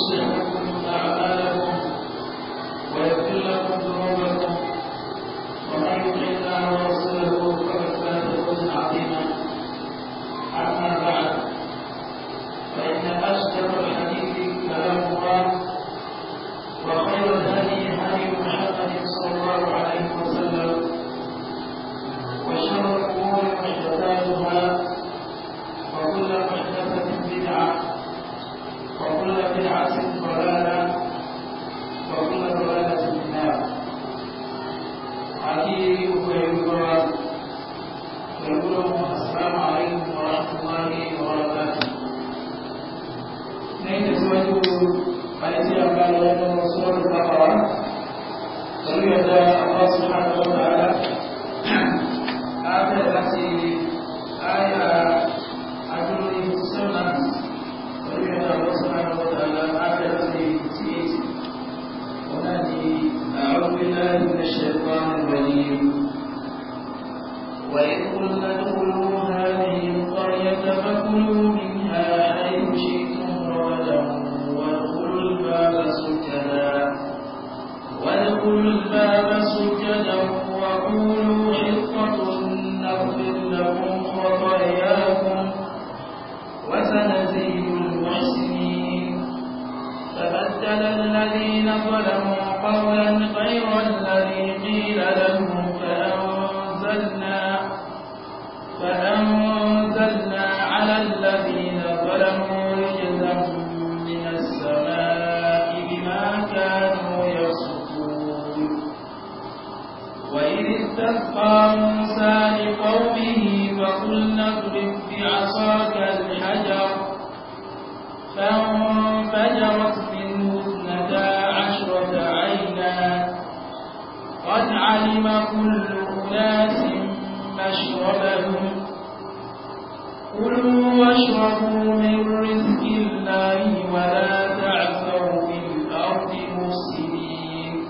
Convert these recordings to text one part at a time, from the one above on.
是。الذين ظلموا قولا غير الذي قيل لهم فأنزلنا, فأنزلنا على الذين ظلموا رجزا من السماء بما كانوا يصفون وإذ استسقى موسى لقومه واشربوا من رزق الله ولا تعثروا في الأرض مفسدين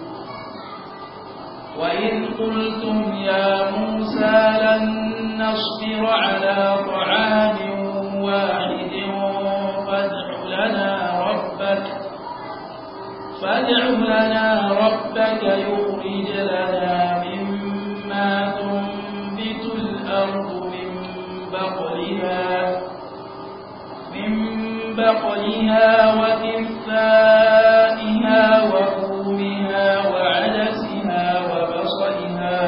وإذ قلتم يا موسى لن نصبر على طعام واحد فادع لنا ربك فادع لنا ربك يؤمن وبصلها وكفائها وقومها وعدسها وبصلها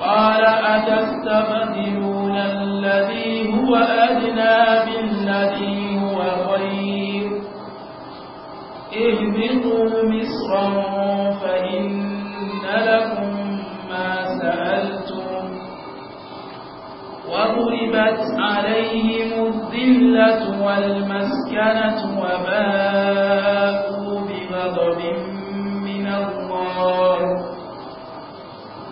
قال أتستبدلون الذي هو أدنى بالذي هو خير اهبطوا مصرا فإن لكم ما سألتم وضربت عليهم الذلة والمسكنة وباءوا بغضب من الله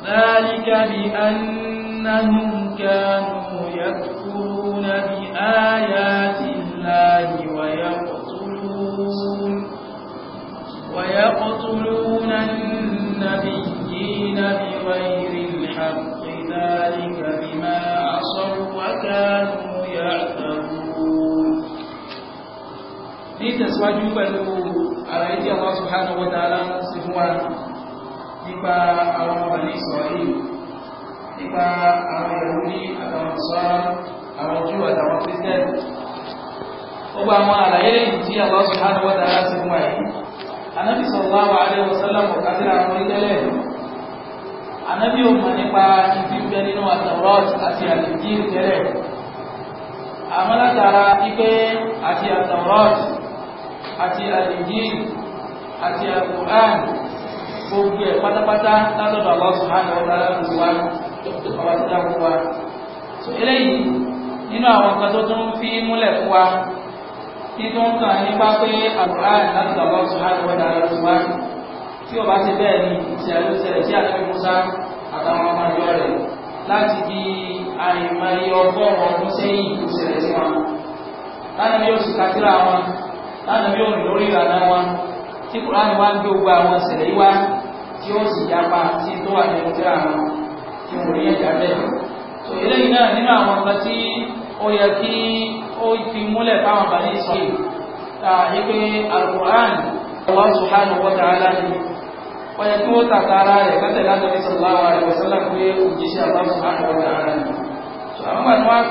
ذلك بأنهم كانوا يكفرون بآيات الله tẹ̀síwájú pẹ̀lú àlàyé tí Allah subhanahu wa ta'ala sí fún wa nípa àwọn ọmọdé ìsọ̀rí nípa àwọn ìrù ní àtàwọn ìsọ́rọ̀ àwọn jù àtàwọn christian gbogbo àwọn àlàyé lẹ́yìn tí Allah subhanahu wa ta'ala sí fún wa yìí anábì sallallahu alaihi wasallam ọ̀ká sí àwọn orílẹ̀ anábì ò mọ̀ nípa ibi bẹ nínú àtàwọn àti àlèjì tẹ́lẹ̀ àmọ́ látara wípé àti àtàwọn àti al-Injil àti al-Qur'an gbogbo ẹ̀ pátápátá látọ̀dọ̀ Allah subhanahu wa ta'ala wa ọba tó dá fún wa. eléyìí nínú àwọn nǹkan tó tún fi múlẹ̀ fún wa títún kan nípa pé al-Qur'an látọ̀dọ̀ Allah subhanahu wa ta'ala wa tí o bá ti bẹ́ẹ̀ ni ìṣẹ̀lú ṣẹlẹ̀ sí àti Musa àtàwọn ọmọ ìjọ rẹ̀ láti di àìmọye ọgọ́rùn-ún ọdún sẹ́yìn ìṣẹ̀lẹ̀ sí wọn. láti bí wọn láti bí òrìn lórí ìlànà wọn tí kùránì wá ń gbé gbogbo àwọn ìṣẹ̀lẹ̀ yìí wá tí ó sì yapa sí tó wà nínú tí àwọn tí wọ́n rí ẹ̀já bẹ́ẹ̀. tó eléyìí náà nínú àwọn nǹkan tí ó yẹ kí ó fi múlẹ̀ fáwọn bàbá yìí sọ yìí ta ni pé alukur'an Allah subhanahu wa ta'ala ni wọ́n yẹ kí wọ́n tàkàrà rẹ̀ kọ́tẹ̀ látọ̀rí sallallahu alaihi wasallam pé òjíṣẹ́ Allah subhanahu wa ta'ala ni. àwọn àti wọn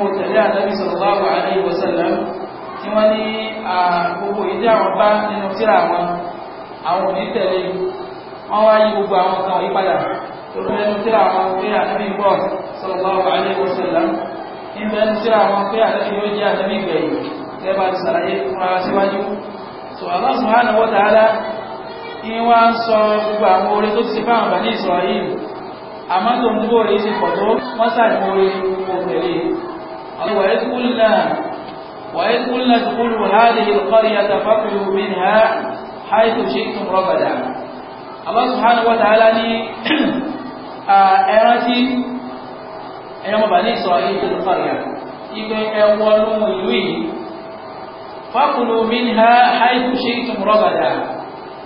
wọ́n tẹ̀lé àtàbí sallallahu alaihi wasallam tí wọ́n ní gbogbo ìdí àwọn bá nínú síra àwọn àwọn òní tẹ̀lé wọ́n wá yí gbogbo àwọn kan yí padà torí ẹnu síra àwọn pé àtẹ́bí bọ́ sallallahu alaihi wasallam níbẹ̀ ẹnu síra àwọn pé àtẹ́bí yóò jẹ́ àtẹ́bí ìgbẹ̀yìn kẹ́bà ti sàlàyé fúnra síwájú so Allah subhanahu wa ta'ala ní wá ń sọ gbogbo àwọn orí tó ti ṣe fáwọn bàní Isra'il àmọ́ tó ń dúró rí sí pọ̀ tó wọ́n sàìmọ́ orí gbogbo وإذ قلنا ادخلوا هذه القرية فاطلوا منها حيث شئتم رغدا الله سبحانه وتعالى ني ẹrántí ẹ̀yọ́mọ̀ bá ní ìsọ̀rọ̀ yìí tó lùkọ̀rìyà ìgbẹ́ ẹwọ́nú ìlú yìí fákùlù minha haythu shi'tum rọ́bàdà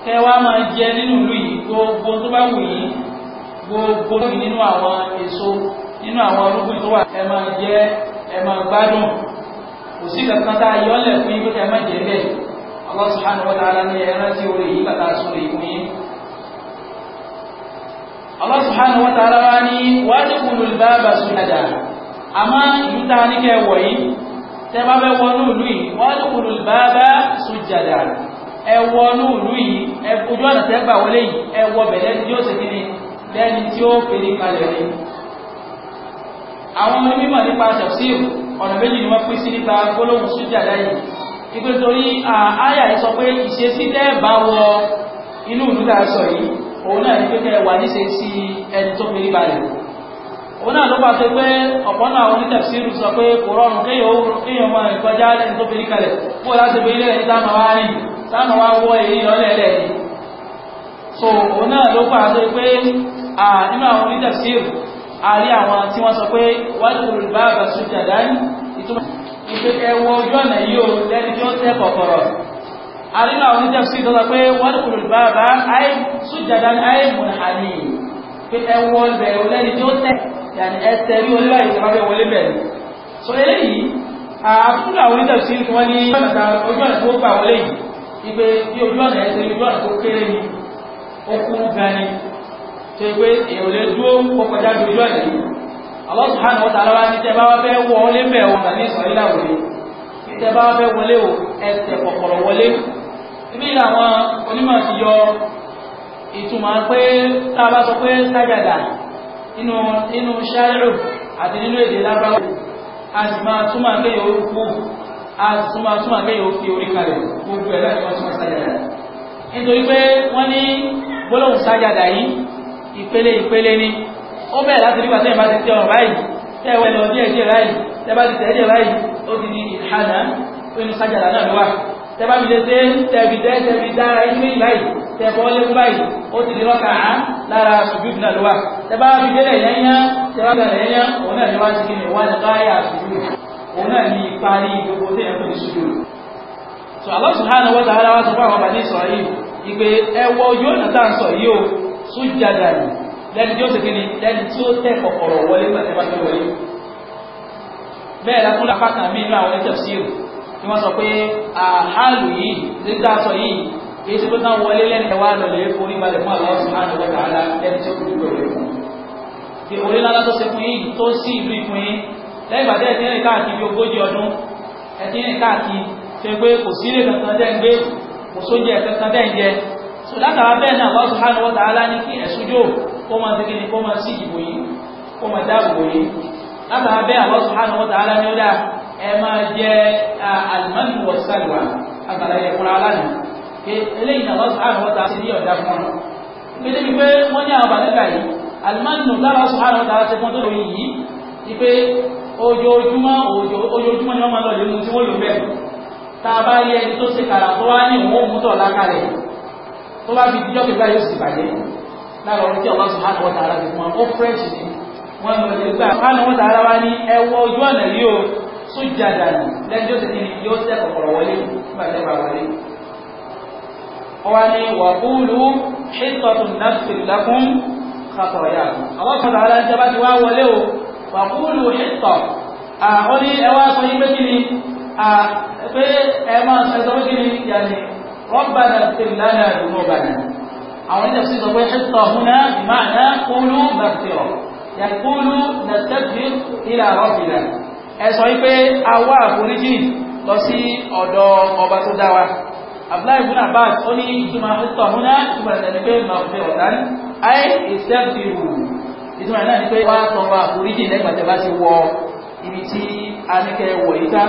kẹwàá máa jẹ nínú ìlú yìí gbogbo tó bá wù yìí gbogbo nínú àwọn èso nínú àwọn orúkú tó wà ẹ máa jẹ ẹ máa gbádùn kò sí kankan tá a yọ ọ́lẹ̀ fún yín pé kẹ́ ẹ má jẹ bẹ́ẹ̀ Allah subhanahu wa ta'ala ní ẹ rántí orí yìí bàtà sórí fún yín. Allah subhanahu wa ta'ala wá ní wadkhulu al-baba sujada àmọ́ ìlú tá a tí ó ṣe kí ni lẹ́ni tí ó fèrè kalẹ̀ ni àwọn onímọ̀ nípa tafsir ọ̀nà méjì ni wọ́n pín sí nípa gbólóhùn sùjàdá yìí ìpé torí àáyà yìí sọ pé ìṣesí tẹ́ bá wọ inú ìlú a sọ yìí òun náà ní pé kẹ́ wà níṣe sí ẹni tó fi balẹ̀ òun náà ló bá tó pé ọ̀pọ̀ náà àwọn onítafsírù sọ pé kò rọrùn kéèyàn máa rìn kọjá ẹni so òun náà ló bá tó pé nínú a rí àwọn tí wọ́n sọ pé wọ́n ti rú bá àgbà sójú àdáni ìtumọ̀ ìpè ẹwọ ojú ọ̀nà yìí o lẹ́ni tí ó tẹ́ kọ̀kọ̀rọ̀ a rí àwọn oníjẹ́ sí ìtọ́ta pé wọ́n ti rú bá àbá ayé sójú àdáni ayé mùnàní pé ẹwọ ọlẹ̀ lẹ́ni tí ó tẹ́ yàní ẹsẹ̀ rí onílà ìtàkàbẹ̀ wọlé bẹ̀rẹ̀ so eléyìí àkúrò àwọn oníjẹ́ sí ìtọ́ wọn ní ojú ọ̀nà tó gbà wọlé yìí ìpè bí ojú ọ̀nà ẹsẹ̀ ojú ọ̀nà tó kéré ni ó kúrú tó yẹ pé èèyàn lè dúró kó kọjá ju ojú ọ̀nà yìí Allah wa ta'ala ní tẹ́ bá wá fẹ́ wọ ọlé bẹ̀ wọn ní sọ̀rọ̀ ìlà ní tẹ́ bá wá fẹ́ wọlé o ẹsẹ̀ kọ̀kọ̀rọ̀ wọlé ibi làwọn onímọ̀ ti yọ ìtumọ̀ pé tá a bá sọ pé sájàdà nínú nínú ṣáírù àti nínú èdè lábáwá a sì máa túmọ̀ kéèyàn ó kú a sì túmọ̀ túmọ̀ kéèyàn ó fi orí kalẹ̀ gbogbo ẹ̀ láti wọ́n túmọ̀ sájàdà nítorí pé wọ́n ní gbólóhùn sájàdà yìí ìpele ìpele ni ó bẹ̀rẹ̀ láti nígbà tẹ́yìn bá ti tẹ ọ̀rọ̀ báyìí tẹ́wẹ́ lọ díẹ̀ díẹ̀ báyìí tẹ́ bá ti tẹ̀ díẹ̀ báyìí ó ti di ìhànà pinnu sájàdá náà ló wà tẹ́ bá mi lè ṣe tẹ̀bi tẹ́ tẹ̀bi dára inú ìlà yìí tẹ́ bọ́ lẹ́kún báyìí ó ti di lọ́kà á lára sùjúdù náà ló wà tẹ́ bá mi délẹ̀ yẹ́nyá tẹ́ bá bẹ̀rẹ̀ yẹ́nyá òun náà ni wá ti kíni wá ní káyà sùjúdù òun náà ni ìparí gbogbo tẹ́yẹ̀ tó ti sùjúdù. sọ Allah subhanahu wa ta'ala wá sọ fún àwọn bàbá ní ìsọ̀rọ̀ yìí ọ̀nà tá sójàdà nì lẹ́ni tí ó ṣe kíni lẹ́ni tí ó tẹ́ kọ̀kọ̀rọ̀ wọlé pàtẹ́ bá fẹ́ wọlé bẹ́ẹ̀ la tún lápá kan mí inú àwọn ẹ̀jẹ̀ sí ni wọ́n sọ pé àhálù yìí nígbà sọ yìí kì í ṣe pé tán wọlé lẹ́ni ẹ̀wà lọ́lẹ̀ forí balẹ̀ fún àwọn ọ̀sán àti ọ̀gá ara lẹ́ni tí ó kù dúró rẹ̀ fún ti orí lálá tó ṣe fún yìí tó sí ìlú ìfún yìí lẹ́yìn ìgbà tẹ́ẹ̀ tí ń rìn káàkiri bí ogójì ọdún ẹ̀ tí ń rìn káàkiri ṣe pé kò sí ilé kankan tẹ́ ń gbé kò sóúnjẹ kankan tẹ́ ń jẹ so látara bẹ́ẹ̀ náà Allah subhanahu wa ta'ala ní kí ẹ̀sùn yóò kó máa ṣe kíni kó máa sí ìbò yìí kó máa dáàbò yìí látara bẹ́ẹ̀ Allah subhanahu wa ta'ala ní ó dá ẹ máa jẹ al-mannu was-salwa àtàlà ẹ̀kúnra aláàánú eléyìí náà Allah subhanahu wa ta'ala ṣe ní ọ̀dà fún wọn. pété wípé wọ́n ní àwọn bàtẹ́kà yìí al Allah subhanahu wa ta'ala ṣe fún tó lóyìn yìí wípé ojoojúmọ́ ni wọ́n máa lọ lé mu tí wọ́n lò bẹ́ẹ̀ tá ṣe kàrà tó tó bá fi díjọ́ kẹgbà yóò sì bàjẹ́ lára ọ̀rọ̀ tí ọ̀gá sùn hàn wọ́n tààrà fún wọn ó fẹ́ẹ̀ṣì ni wọ́n lọ lè gbà hàn wọ́n tààrà wá ní ẹwọ́ ojú ọ̀nà yìí ó sún jàdà nù lẹ́jọ́ sì ni yóò tẹ́ kọ̀kọ̀rọ̀ wọlé bàjẹ́ bà wọlé. ọwọ́ ni wàkúùlù ṣètọ́tún nàfìlákún kàtọ̀yà àwọn kan tààrà ń tẹ́bá ti wá wọlé o wàkúùlù ṣètọ́ àwọn ẹwà sọ yí pé kí ni pé ẹ máa sọ ربنا اغفر لنا ذنوبنا أو عند تفسير تقول حطة هنا بمعنى قولوا مغفرة يعني قولوا نستغفر إلى ربنا ẹ sọ wípé a wá àforíjì lọ sí ọ̀dọ̀ ọba tó dá wa abdullahi ibn abbas ó ní ìtumọ̀ ìtọ̀ múná ìtumọ̀ ìtàn ní pé màfẹ́ ọ̀tán ayé ìsẹ́fìrù ìtumọ̀ náà ní pé wá tọrọ àforíjì lẹ́gbàtẹ́ bá ti wọ ibi tí a ní kẹ wọ̀ yìí tán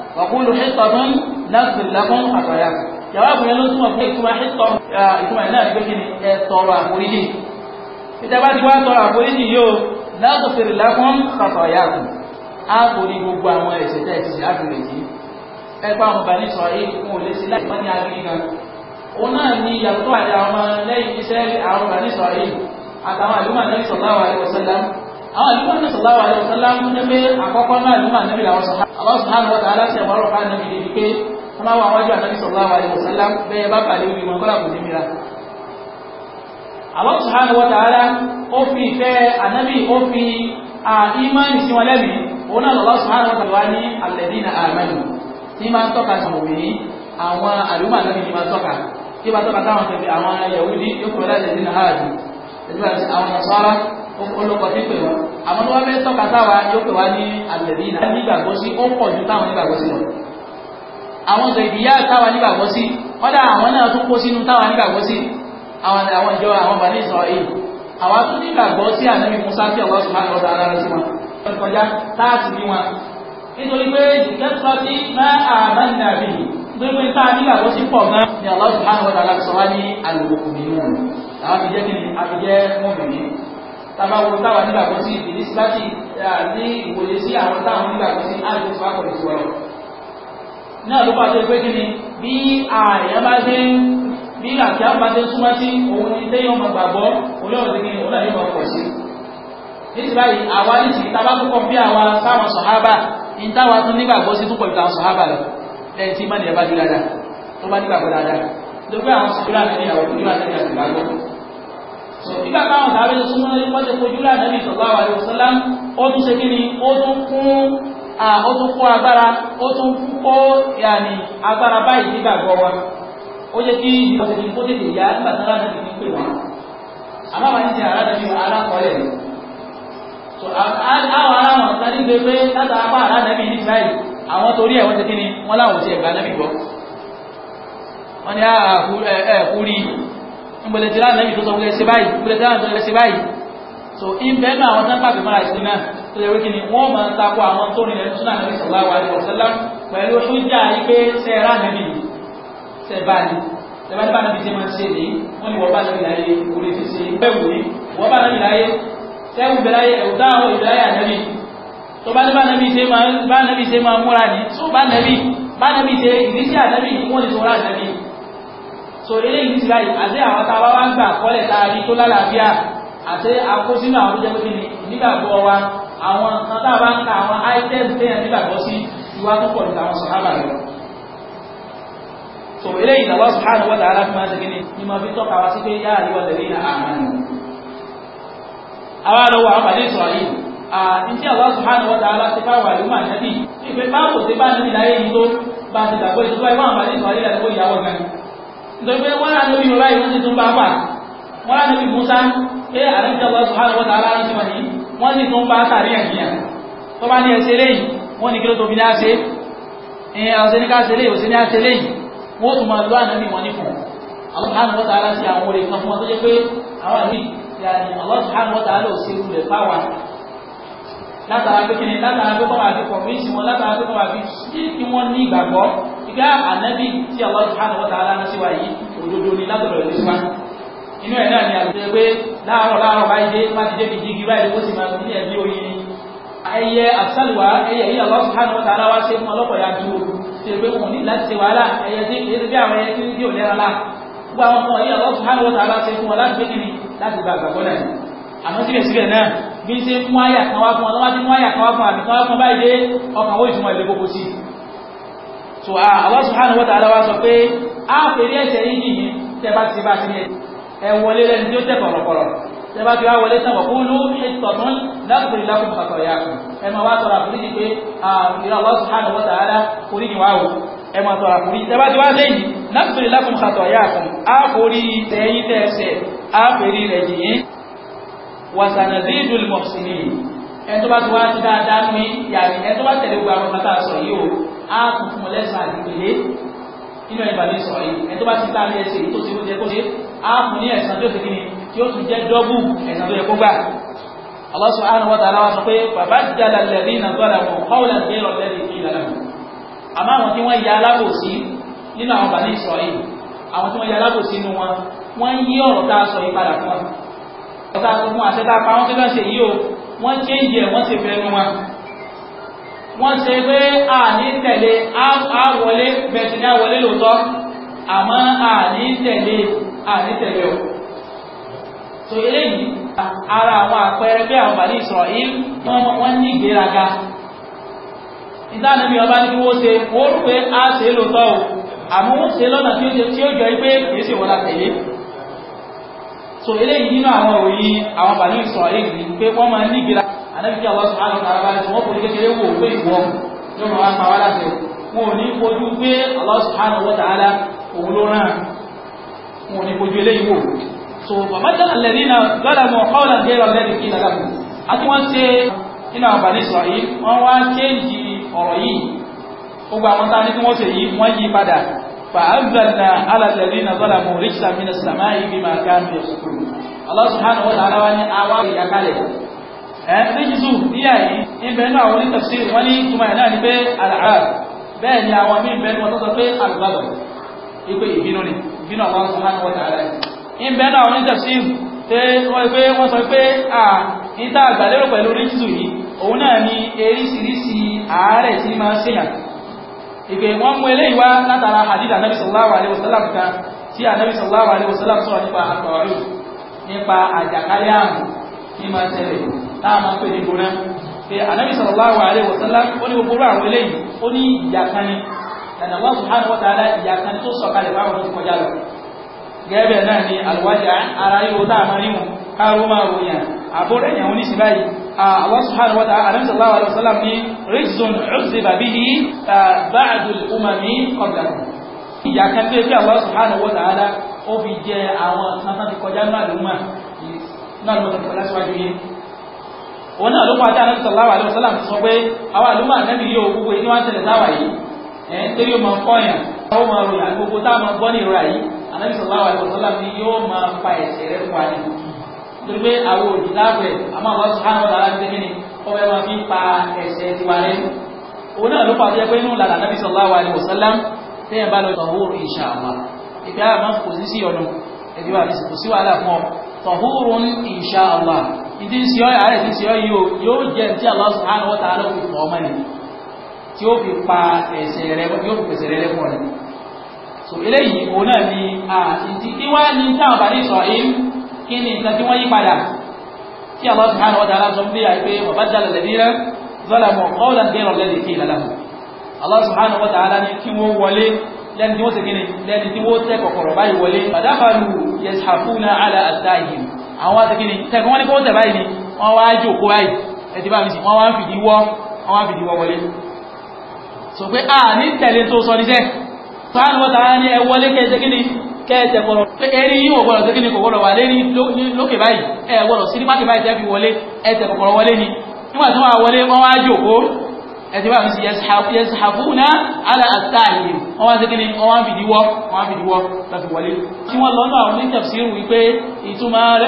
وقولوا حطة نغفر لكم خطاياكم jawabu yẹn ló túmọ̀ fún ìtumọ̀ ìtọ̀ ìtumọ̀ náà ní pé ẹ tọrọ àforíjì ìjọba ti wá tọrọ àforíjì yóò lágòfèrè lákún kàtàyàkùn àforí gbogbo àwọn ẹ̀ṣẹ̀ tẹ́ ti ṣe àfihàn yìí ẹgbẹ́ àwọn bàní sọ èyí fún òlé sí láì wọ́n ní agbègbè kan òun náà ní yàtọ̀ àti àwọn lẹ́yìn iṣẹ́ àwọn bàní sọ èyí àtàwọn àlùmọ̀ náà sọ̀rọ̀ àwọn àlẹ́ àwọn ìlú náà sọ̀lá wa ẹ̀rọ sọ́lá ń ní pé àkọ́kọ́ náà ní màá níbi làwọn sọ̀há àwọn sọ̀há ní wọ́n tààlà sí ẹ̀wọ̀n ọ̀rọ̀ fáà níbi débi pé wọ́n máa wọ àwọn ìjọ àtàkì sọ̀lá wa ẹ̀rọ sọ́lá bẹ́ẹ̀ bá pàdé orí wọn kọ́lá kò ní mìíràn. àwọn sọ̀há ní wọ́n tààlà ó fi ìfẹ́ ànábì ó fi ìmánì sí wọn lẹ́bi òun náà lọ́lọ́ sọ̀há ń tọ́ka olóko tí pè wọn àmọ́ ní wọ́n fẹ́ tọ́ka sáwa yóò pè wá ní àlẹ́bí náà nígbàgbọ́ sí ó pọ̀ ju táwọn nígbàgbọ́ sí wọn àwọn zèdìyà táwa nígbàgbọ́ sí wọ́n dá àwọn náà tún kó sínú táwa nígbàgbọ́ sí àwọn àwọn ìjọ àwọn bàní sọ èyí àwọn tún nígbàgbọ́ sí ànábì Musa tí ọwọ́ sùn máa lọ́dọ̀ ara rẹ̀ sí wọn kọjá láti bí wọn nítorí pé ìkẹ́sọ́ tí máa àbá nàbì gbégbé tá a nígbàgbọ́ sí pọ̀ gan ni Allah subhanahu wa ta'ala sọ wá ní àlùkò mìíràn àwọn àfijẹ́ kìnnì àfijẹ́ mọ́mìnì tàbá wo táwa nígbàgbọ́ sí ìdílé láti ní ìwòye sí àwọn táwọn nígbàgbọ́ sí àdúgbò fún àkọlù sí ọ̀rọ̀ náà ló pàṣẹ pé kíni bí àyàn bá dé bí àti àwọn bá dé súnmọ́ sí òun ní téèyàn máa gbàgbọ́ òun yóò dín òun náà yóò máa pọ̀ sí nítorí báyìí àwa ní ti tàbá tó kọ́ bí àwa táwọn sọ̀hábà ní táwa tó nígbàgbọ́ sí púpọ̀ ìtàwọn sọ̀hábà lọ lẹ́yìn tí mánìyàn bá dúró dáadáa tó bá nígbàgbọ́ dáadáa lórí àwọn sọ̀hábà ní nígbà táwọn tàbí tó súnmọ́ ní wọ́n ti kojú lánàbí sallallahu alaihi wasallam ó tún ṣe kíni ó tún kún ó tún kó agbára ó tún kó yàní agbára báyìí nígbàgbọ́ wa ó yẹ kí ìbọ̀tẹ̀kì kó tètè yá nígbà tí lánàbí ní pè wá àmọ́ àwọn ẹni tí ara dàbí alákọ̀ọ́lẹ̀ rẹ̀ so àwọn ará wọn ta ní gbẹgbẹ láti apá ara dàbí ní báyìí àwọn torí ẹ̀ wọ́n ti kíni wọ́n láwọn ti ẹ̀gbá dàbí gbọ́ wọ́n ní àkúrí ìgbèlè tí láàrín lẹ́yìn tó sọ pé so ìbẹ́ náà àwọn tán pàpẹ́ mọ́ra ìsìn náà tó lè wíkí ni wọ́n máa ń takọ àwọn tó rìn lẹ́nu súnà lẹ́yìn sọ̀lá wa àlẹ́ ọ̀sẹ́lá pẹ̀lú oṣù jà yí pé ṣe rà nẹ́bì ṣe bá ní ṣe bá ní bá níbi tí máa ń ṣe múra ní tó bá nẹ́bì bá nẹ́bì ṣe ìrísí ànẹ́bì wọ́n ní tó rà ànẹ́bì so eléyìí ti báyìí àti àwọn tá a bá wá ń gbà kọ́lẹ̀ tá a rí tó lálàáfíà àti akó sínú àwọn tó jẹ́ pé nígbàgbọ́ wa àwọn nǹkan tá a bá ń ka àwọn item tẹ́yàn nígbàgbọ́ sí ìwà tó pọ̀ nípa àwọn sọ̀hábà rẹ̀ so eléyìí lọ́wọ́ subhanahu wa ta'ala fi máa ṣe kíni ni mo fi tọ́ka wá sí pé yá àríwá tẹ̀lé ní àmánù àwa lọ wọ àwọn bàdé sọ yìí àti tí Allah subhanahu wa ta'ala ti fáwọn àlùmọ́ àjẹ́bì ìpè báwo ti bá níbi láyé yìí tó bá ti gbàgbé ìṣúgbà ìwọ̀n àbàdé sọ yìí láti kó ìyàwó gan-an nítorí pé wọ́n rà níbi yorùbá yìí wọ́n ti tún bá bà wọ́n rà níbi musa pé àrẹ́bíjà lọ sùn àwọn ọ̀tá aláàrùn ti wà ní wọ́n ti tún bá sàrí àkíyàn tó bá ní ẹsẹ̀ lẹ́yìn wọ́n ní kíló tóbi ní àṣẹ ẹ̀yìn àwọn sẹ́ni ká ṣe lẹ́yìn òsì ní àṣẹ lẹ́yìn wọ́n tún máa lọ ànábì wọn ní fún àwọn sùhánù wọ́tà àwọn olè kan fún wọn látara pé kíni látara pé kọ́wà àti kọ̀míṣì wọn látara pé kọ́wà àti kí wọ́n ní ìgbàgbọ́ ìgbà ànábì tí Allah subhanahu wa ta'ala ní síwá yìí òdodo ni látọ̀rọ̀ ìlú síwá inú ẹ̀ náà ni àbúté pé láàárọ̀ láàárọ̀ báyìí dé má ti débi jígi báyìí ó sì máa fi ní ẹ̀bí oyin ẹyẹ àtàlùwà ẹyẹ yìí Allah subhanahu wa ta'ala wá ṣe fún ọlọ́pọ̀ ya ju ṣe pé wọn ní láti ṣe wàhálà ẹyẹ tí kìí àmọ́ síbẹ̀síbẹ̀ náà bí ṣe mú àyà kan wá fún ọ lọ́wọ́ mú àyà kan wá fún àbí wá fún báyìí dé ọkàn ó ìtumọ̀ ìlú gbogbo sí so ah, Allah subhanahu wa ta'ala sọ pé a fèrè ẹ̀sẹ̀ yìí nìyí tẹ́ bá ti bá ti ní tí ó tẹ̀ pọ̀rọ̀pọ̀rọ̀ bá ti wá wọlé tán wọ̀kú ló ṣe tọ̀tún lákùnrin lákùnrin kàtọ̀ ya kù ẹ máa wá tọrọ àforíjì pé ìrọ̀ Allah subhanahu wa ta'ala oríjì wá wò ẹ máa tọrọ àforíjì tẹ́ bá ti wá lẹ́yìn lákùnrin lákùnrin kàtọ̀ ya kù á forí tẹ́yìn tẹ́ ẹsẹ̀ á fèrè rẹ̀ jìyìn wàsànàdídù mọ̀sílì ẹni tó bá ti wá ti dáadáa ní yàrá ẹni tó bá tẹ̀lé gba ọmọ kátà sọ yìí o á kún fún ọlẹ́sàn àdìgbélé nínú ìbàdí sọ yìí ẹni tó bá ti tá lẹ́sẹ̀ tó ti ó jẹ á kún ní ẹ̀sán tó ti kí ni tí ó tún jẹ́ dọ́bù ẹ̀sán tó yẹ kó gbà. Allah subhanahu wa sọ pé bàbá dàda lẹ́rìí nà tọ́ra wọn wọn. àmọ́ ẹ̀ta àtúnkún àtẹ́ta pa wọ́n tẹ́lá yíò wọ́n change ẹ̀ wọ́n ṣe fẹ́nu wọn wọ́n ṣe pé a ní tẹ̀lé a wọlé bẹ̀sì ní a wọlé lóòótọ́ àmọ́ a ní tẹ̀lé a ní tẹ̀lé o so eléyìí ara àwọn àpẹẹrẹ pé àwọn bàdí ìsọ̀rọ̀ yìí wọ́n ní ìgbéraga ìdánimí ọba ní kí wọ́n ṣe wọ́n rú pé a ṣe lóòótọ́ o àmọ́ wọ́n ṣe lọ́nà tí ó jọ pé kìí ṣe wọ́n la so eléyìí nínú àwọn òyìn àwọn bàní Israel ní pé wọ́n máa ní ìgbéra ànábìkí àwọn sọ̀rọ̀ àwọn ará tí wọ́n kò ní kékeré wò pé ìwọ yóò máa pa wá láṣẹ wọn ò ní fojú pé Allah subhanahu wa ta'ala òun ló rán wọn ò ní fojú eléyìí wò so bàbá jẹ́ àlẹ́rí náà lọ́la mọ̀ ọ́lá ń gbéra lẹ́nu kí nàlá kù a ti wọ́n ṣe nínú àwọn bàní Israel wọ́n wá kéèjì ọ̀rọ̀ yìí gbogbo àwọn tá a ní kí wọ́n ṣe yìí wọ́n yí padà fàánzàlá alàjẹ̀rí na zọ́là mú ríṣà mínà sàmá ibi máa ká ń bẹ̀rẹ̀ sùkúrù. Allah subhanahu wa ta'ala ní àwa ìyàkálẹ̀. ẹ̀ ń rí jùsù níyà yìí ibẹ̀ náà wọ́n ní tafsir wọ́n ní túmọ̀ ẹ̀ náà ní pé al-'arab bẹ́ẹ̀ ni àwọn míì bẹ́ẹ̀ ni wọ́n tọ́tọ́ pé al-ghadab ipe ìbínú ni ìbínú Allah subhanahu wa ta'ala. ibẹ̀ náà wọ́n ní tafsir pé wọ́n sọ pé à ń tá àgbàlérò pẹ̀lú rí jùsù yìí òun náà ni eríṣiríṣi àárẹ̀ tí máa ń ṣèyàn ìpè wọ́n mú eléyìí wá látara hadith Nabi sallallahu Alaihi Wasallam sallam kan tí Nabi sallallahu Alaihi Wasallam sallam sọ̀rọ̀ nípa àtọ̀rí nípa àjàkálẹ̀ àrùn ní máa tẹ̀lé táwọn máa ń pè ní gbóná pé anabi sallallahu Alaihi Wasallam sallam ó ní gbogbo àwọn eléyìí ó ní ìyá subhanahu wa ta'ala ìyá kan tó sọ̀kalẹ̀ báwọn tó kọjá lọ gẹ́gẹ́ náà ni àlùwájà ara yóò tá a máa rí wọn káàró máa wòyàn àbúrò Ah, Allah subhanahu wa ta'ala anam sallallahu alaihi wasallam ni rizun uziba bihi ah, ba'dul umami qablakum ìyà kan tó yẹ Allah subhanahu wa ta'ala ó fi jẹ àwọn sansan ti kọjá náà ló mà náà ló tẹ̀sán àwọn àlùmọ̀ àtẹ́bí yóò gbogbo ẹni wọn ní ìrora yìí anam sallallahu alaihi ni yóò máa pa ẹ̀sẹ̀ rẹ̀ fún wa nìyí torí pé àwọn òdìláàbẹ̀ àmọ́ àwọn sùhánù ọ̀la láti tẹ́kẹ́ni wọ́n fẹ́ máa fi pa ẹ̀ṣẹ̀ tiwa lẹ́nu òun náà ló pàṣẹ pé inú làlà nàbí sallallahu alaihi wasallam tẹ́yìn bá lọ tọ̀húrù insha Allah ìgbà àmọ́ kò sí sí ọ̀nà ẹ̀bí wa kò sí wàhálà fún ọ tọ̀húrù insha Allah ìdí ń sọ ààrẹ ti sọ yìí o yóò jẹ́ tí Allah subhanahu wa ta'ala ọmọ kí ni nǹkan tí wọ́n yí padà tí Allah subhanahu wa ta'ala sọ bí i pé wa badala alladhina zalamu qawlan ghayra alladhi qila lahum Allah subhanahu wa ta'ala ní kí wọ́n wọlé lẹ́ni tí wọ́n ti gíní lẹ́ni tí wọ́n tẹ́ kọ̀kọ̀rọ̀ báyìí wọlé fàdáfàlù yẹsàfúnà ala àtàhìm àwọn wá ti gíní tẹ́kọ̀ wọ́n ní kó tẹ̀ báyìí ni wọ́n wá jòkó kẹ́ẹ̀tẹ̀ gbọ́dọ̀ ẹ̀rí yíò gbọ́dọ̀ tó kí ni kò gbọ́dọ̀ wà lé ní lókè báyìí ẹ̀ gbọ́dọ̀ sí ní mákè báyìí tẹ́ fi wọlé ẹ̀tẹ̀ kọ̀kọ̀rọ̀ wọlé ni nígbà tí wọ́n wọlé wọ́n wá jòkó ẹ̀tẹ̀ bá fi yẹsàfúnà ala àtàyè wọ́n wá tẹ́kí ni wọ́n wá fi diwọ́ wọ́n wá fi diwọ́ láti wọlé tí wọ́n lọ́nà àwọn ní tafsir wípé ìtumọ̀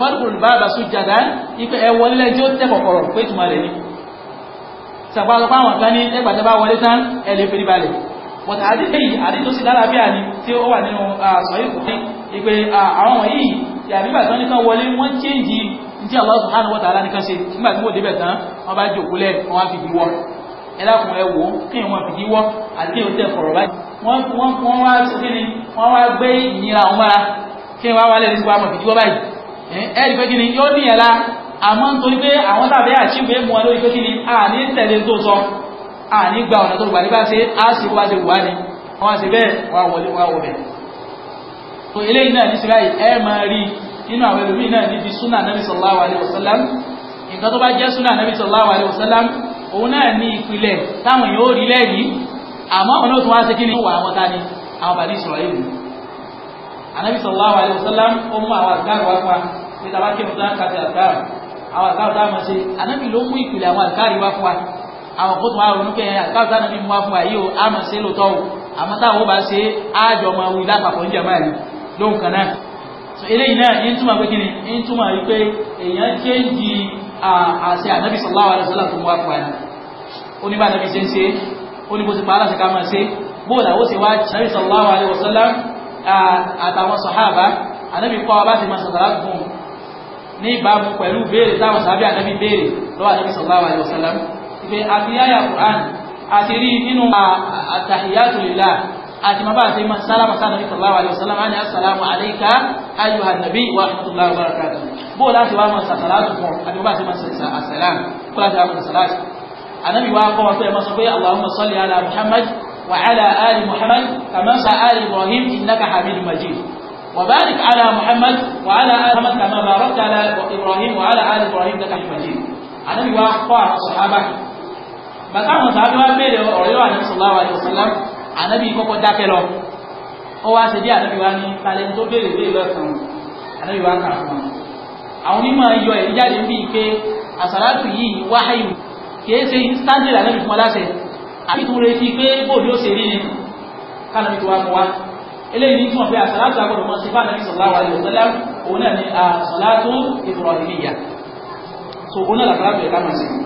fọ́dùkùn bàbá sùn jàdá ipe ẹ wọlé lẹ́jọ́ tẹ́ kọ̀kọ̀rọ̀ pé ìtumọ̀ rẹ̀ ni sàgbàgbà àwọn kan ní ẹgbàtẹ́ bá wọlé tán ẹ lè fi balẹ̀ but àdídé yìí àdídó sí lára bí àní tí ó wà nínú sọ̀yìn kò fún ìpè àwọn wọ̀nyí yàrá tán nìkan wọlé wọ́n chéǹjì ní tí Allah subhanahu wa ta'ala nìkan ṣe nígbà tí wọ́n débẹ̀ tán wọ́n bá jòkó lẹ̀ wọ́n á fi bí wọ́ ẹ dákun ẹ wò ó kí wọ́n fi bí wọ́ àti kí wọ́n tẹ̀ fọ̀rọ̀ báyìí wọ́n wá sí ni wọ́n wá gbé ìnira àwọn mára kí wọ́n wá lẹ́nu sí wọ́n á mọ̀ fi bí wọ́ báyìí ẹ rí pé kí ni yóò níyànlá àmọ́ nítorí pé àwọn tàbí àṣìwé mu wọn lórí pé kí ni àní tẹ̀lé tó sọ a ní gba ọ̀nà tó gbà nígbà ṣe á sì wá ṣe wà ní wọ́n á ṣe bẹ́ẹ̀ wọ́n á wọlé wọ́n á wọlé. tó eléyìí náà ní síláyì ẹ máa rí nínú àwọn ẹlòmíì náà níbi súnà nàbì sallallahu alaihi wasallam nǹkan tó bá jẹ́ súnà nàbì sallallahu alaihi wasallam òun náà ní ìpìlẹ̀ táwọn yóò rí lẹ́yìn àmọ́ ọ̀nà tó wá ṣe kí ni wà àwọn ta ni àwọn bàbá ìsọ̀rọ̀ anabi sallallahu alayhi wa sallam ó mú àwọn àgbáàrò wá fún wa pé tàbá kí n tán kàtí àwọn àgbáàrò tá máa ṣe anabi ló mú ìpìlẹ̀ àwọn àgbáàrò wá fún wa àwọn kó tó wá ronú pé àgbàtà náà ní mú wá fún wa yìí o àmọ̀ sí lóòótọ́ o àmọ́ táwọn ó bá ṣe àjọ máa wí lápapọ̀ ń jẹ̀mọ́ ẹ̀rí lóhùn kan náà so eléyìí náà yín túmọ̀ pé kíni yín túmọ̀ yìí pé èèyàn jẹ́ di àṣẹ ànábì sallallahu alaihi wasallam tó mú wá fún wa ni ó ní bá ànábì ṣe ń ṣe ó ní bó ti pa aláṣẹ ká máa ṣe bóòlà ó ṣe wá ànábì sallallahu alaihi wasallam àtàwọn sàhábà ànábì kọ́ wa bá ti máa sàtàlá fún un ní ìbámu pẹ̀lú béèrè táwọn sàbí ànábì béèrè lọ́wọ́ ànábì sallallahu alaihi wasallam pé àfihàyà Qur'an àti rí nínú àtàhíyàtò lílá àti mabá àti ma sálámà sálámà ní sallallahu alaihi wasallam ní assalamu alayka ayyuha nabi wa rahmatullahi wa barakatuh bó láti wá ma sàtàlátù fún àti mabá àti ma sàlám kó láti wá ma sàlátù anabi wa kọ́ wọn pé وبارك على محمد وعلى آل محمد كما باركت على إبراهيم وعلى آل إبراهيم إنك حميد مجيد. أنا بيوافق على الصحابة bàtà àwọn sàbí wá bèèrè ọ̀rọ̀ yóò ànábì sallallahu alaihi wasallam ànábì kọ́kọ́ dákẹ́ lọ ó wá ṣe bí ànábì wá ní talẹ́ni tó bèèrè bèèrè lọ́sàn ànábì wá kà fún un àwọn onímọ̀ ayọ̀ ẹ̀rí jáde bíi pé àsàlátù yìí wáhàyù kìí ṣe standard ànábì fún aláṣẹ àbí tó rẹ sí pé bóòdì ó ṣe rí ni kánàbì tó wá fún wa eléyìí ní tí wọn fi àsàlátù àgbọ̀dọ̀ mọ́ sí fún ànábì sallallahu alaihi wasallam òun náà ni àsàlátù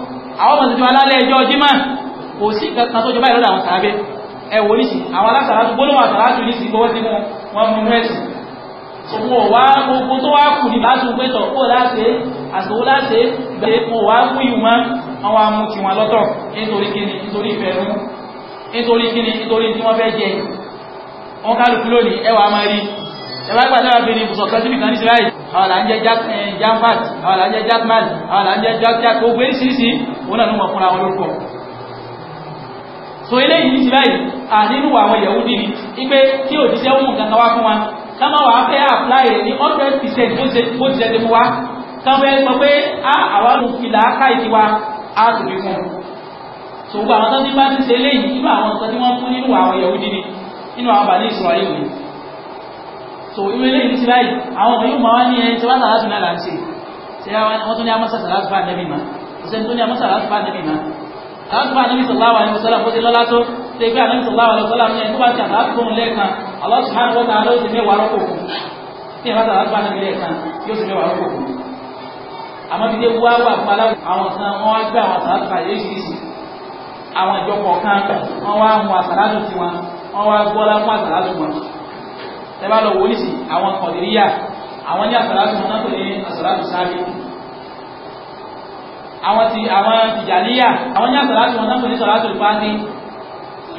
àwọn ọmọ tuntun alálẹ́ ẹjọ́ jimá kò sí kankan tó jọba ìlọ́dọ̀ àwọn sàábẹ́ ẹ wò ní sí àwọn alásàlátù gbólóhùn àsàlátù ní sí gbọ́wọ́ sí mú wọn mú rẹ́sì òun ò wá gbogbo tó wá kù ní láti gbé tọ̀ kó láṣẹ àsòwò láṣẹ ìgbẹ́ mo wá kú ìwọ̀n àwọn amú ti wọn lọ́tọ̀ nítorí kíni nítorí ìfẹ́ rú nítorí kíni nítorí tí wọ́n fẹ́ jẹ kan síbi kan ní Israel àwọn ń jẹ eh, jambat àwọn là ń jẹ jack jack gbogbo èsìsì wọn náà ló mọ̀ fúnra wọn ló kọ̀ so eléyìí ti báyìí àdínú àwọn Yahudi ni ipe kí òjíṣẹ́ òun kankan wá fún wa ká má wàá fẹ́ apply ní hundred percent bó ti ṣe mú wa ká fẹ́ sọ pé á àwa ló fi làákà ìdí wa á sì fi kún so gbogbo àwọn tó ti bá ti ṣe eléyìí nínú àwọn nǹkan tí wọ́n fún nínú àwọn Yahudi ni nínú àwọn bàbá ní Israeli ni so irú eléyìí ti báyìí àwọn ọmọ yóò máa wá ní ẹni tí wọ́n sàlásù náà là ń ṣe ṣe wọ́n tún ní amọ́sàsàlásù bá nẹ́bí máa sẹ́ni tó ní amúsà láti bá níbi náà láti bá níbi sọ̀lá wa ní sọ́lá kó ti lọ́lá tó ṣe pé àníbi sọ̀lá wa ní sọ́lá ní ẹni tó bá lẹ́ẹ̀kan Allah subhanahu wa ta'ala ti mẹ́wàá rọ́pò fún tí ẹ bá ti àbá tó bá níbi lẹ́ẹ̀kan yóò ti mẹ́wàá rọ́pò fún. àmọ́ ti dé wá wà pàlà àwọn kan wọ́n á gbé àwọn sàlátù kan yé ṣíṣì àwọn ìjọpọ̀ kan wọ́n wá mú àsàlátù tiwọn wọ́n àwọn ti àwọn tìjàníyà àwọn ní àsàlátù wọn náà pè ní sàlátù ìfáàtì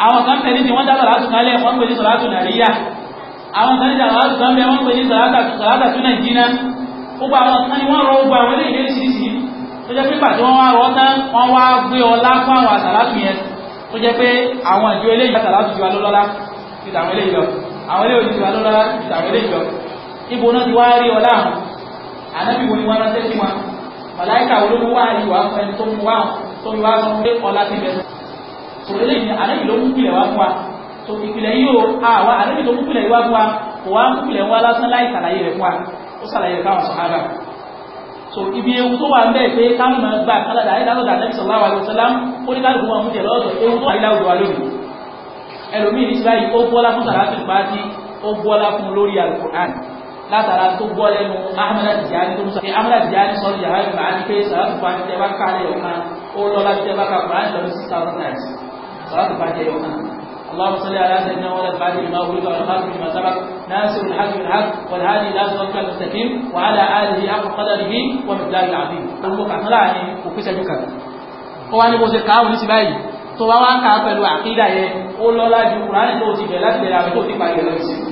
àwọn kan tẹ̀lé tí wọ́n dá sàlátù kalẹ̀ wọ́n pè ní sàlátù nàríyà àwọn kan ní sàlátù kan bẹ wọ́n pè ní sàlátà tún nàìjíríà gbogbo àwọn kan ni wọ́n rọ gbogbo àwọn ilé ìrísìírísìí tó jẹ́ pé pàtó wọn wá rọ tán wọ́n wá gbé ọlá fún àwọn àsàlátù yẹn tó jẹ́ ti wá rí ọlá àwọn ànábìwò ni wọ́n rántẹ́ sí wọn malaika olówó wà ní wàá fún ẹni tó mú wá tó mú wá fún pé ọlá ti bẹ̀rẹ̀ sọ̀rọ̀ lè ní ànábì ló mú pilẹ̀ wá fún wa tó ìpìlẹ̀ yìí o àwa ànábì tó mú pilẹ̀ wá fún wa kò wá mú pilẹ̀ wá lásán láì sàlàyé rẹ̀ fún wa ó sàlàyé rẹ̀ káwọn sọ̀hárà so ibi ewu tó wà ń bẹ́ẹ̀ pé káwọn máa gbà kálàdà ayélujára ànábì sallallahu alaihi wasallam ó ní káàdùn wọn mú jẹ lọ́dọ̀ ewu tó wà ilá òdò wa lónìí ẹlòmíì ní síláyìí ó bọ́lá fún sàlátì pàtì ó bọ́lá fún lórí látara tó gbọ́ lẹ́nu ahmed tijani tó ń sọ pé ahmed tijani sọ ìyàrá ìgbà ní pé sàlátù fún àti tẹ́bá kálẹ̀ ọ̀kan ó lọ láti tẹ́bá ka kùránì lọ sí thousand times sàlátù fún àti ọ̀kan. اللهم صل على سيدنا ولد بعد ما ولد وعلى خاتم ما سبق ناصر الحق بالحق والهادي الى صراطك المستقيم وعلى اله حق قدره ومقداره العظيم. تقول لك انا وفي سجدك. وأنا بوزي كاو نسيباي tó bá wá ń kà á pẹ̀lú àkídà yẹn ó lọ́lá ju kùránì tó ti bẹ̀rẹ̀ láti bẹ̀rẹ̀ àbí tó ti parí ẹ̀ lọ́sìn.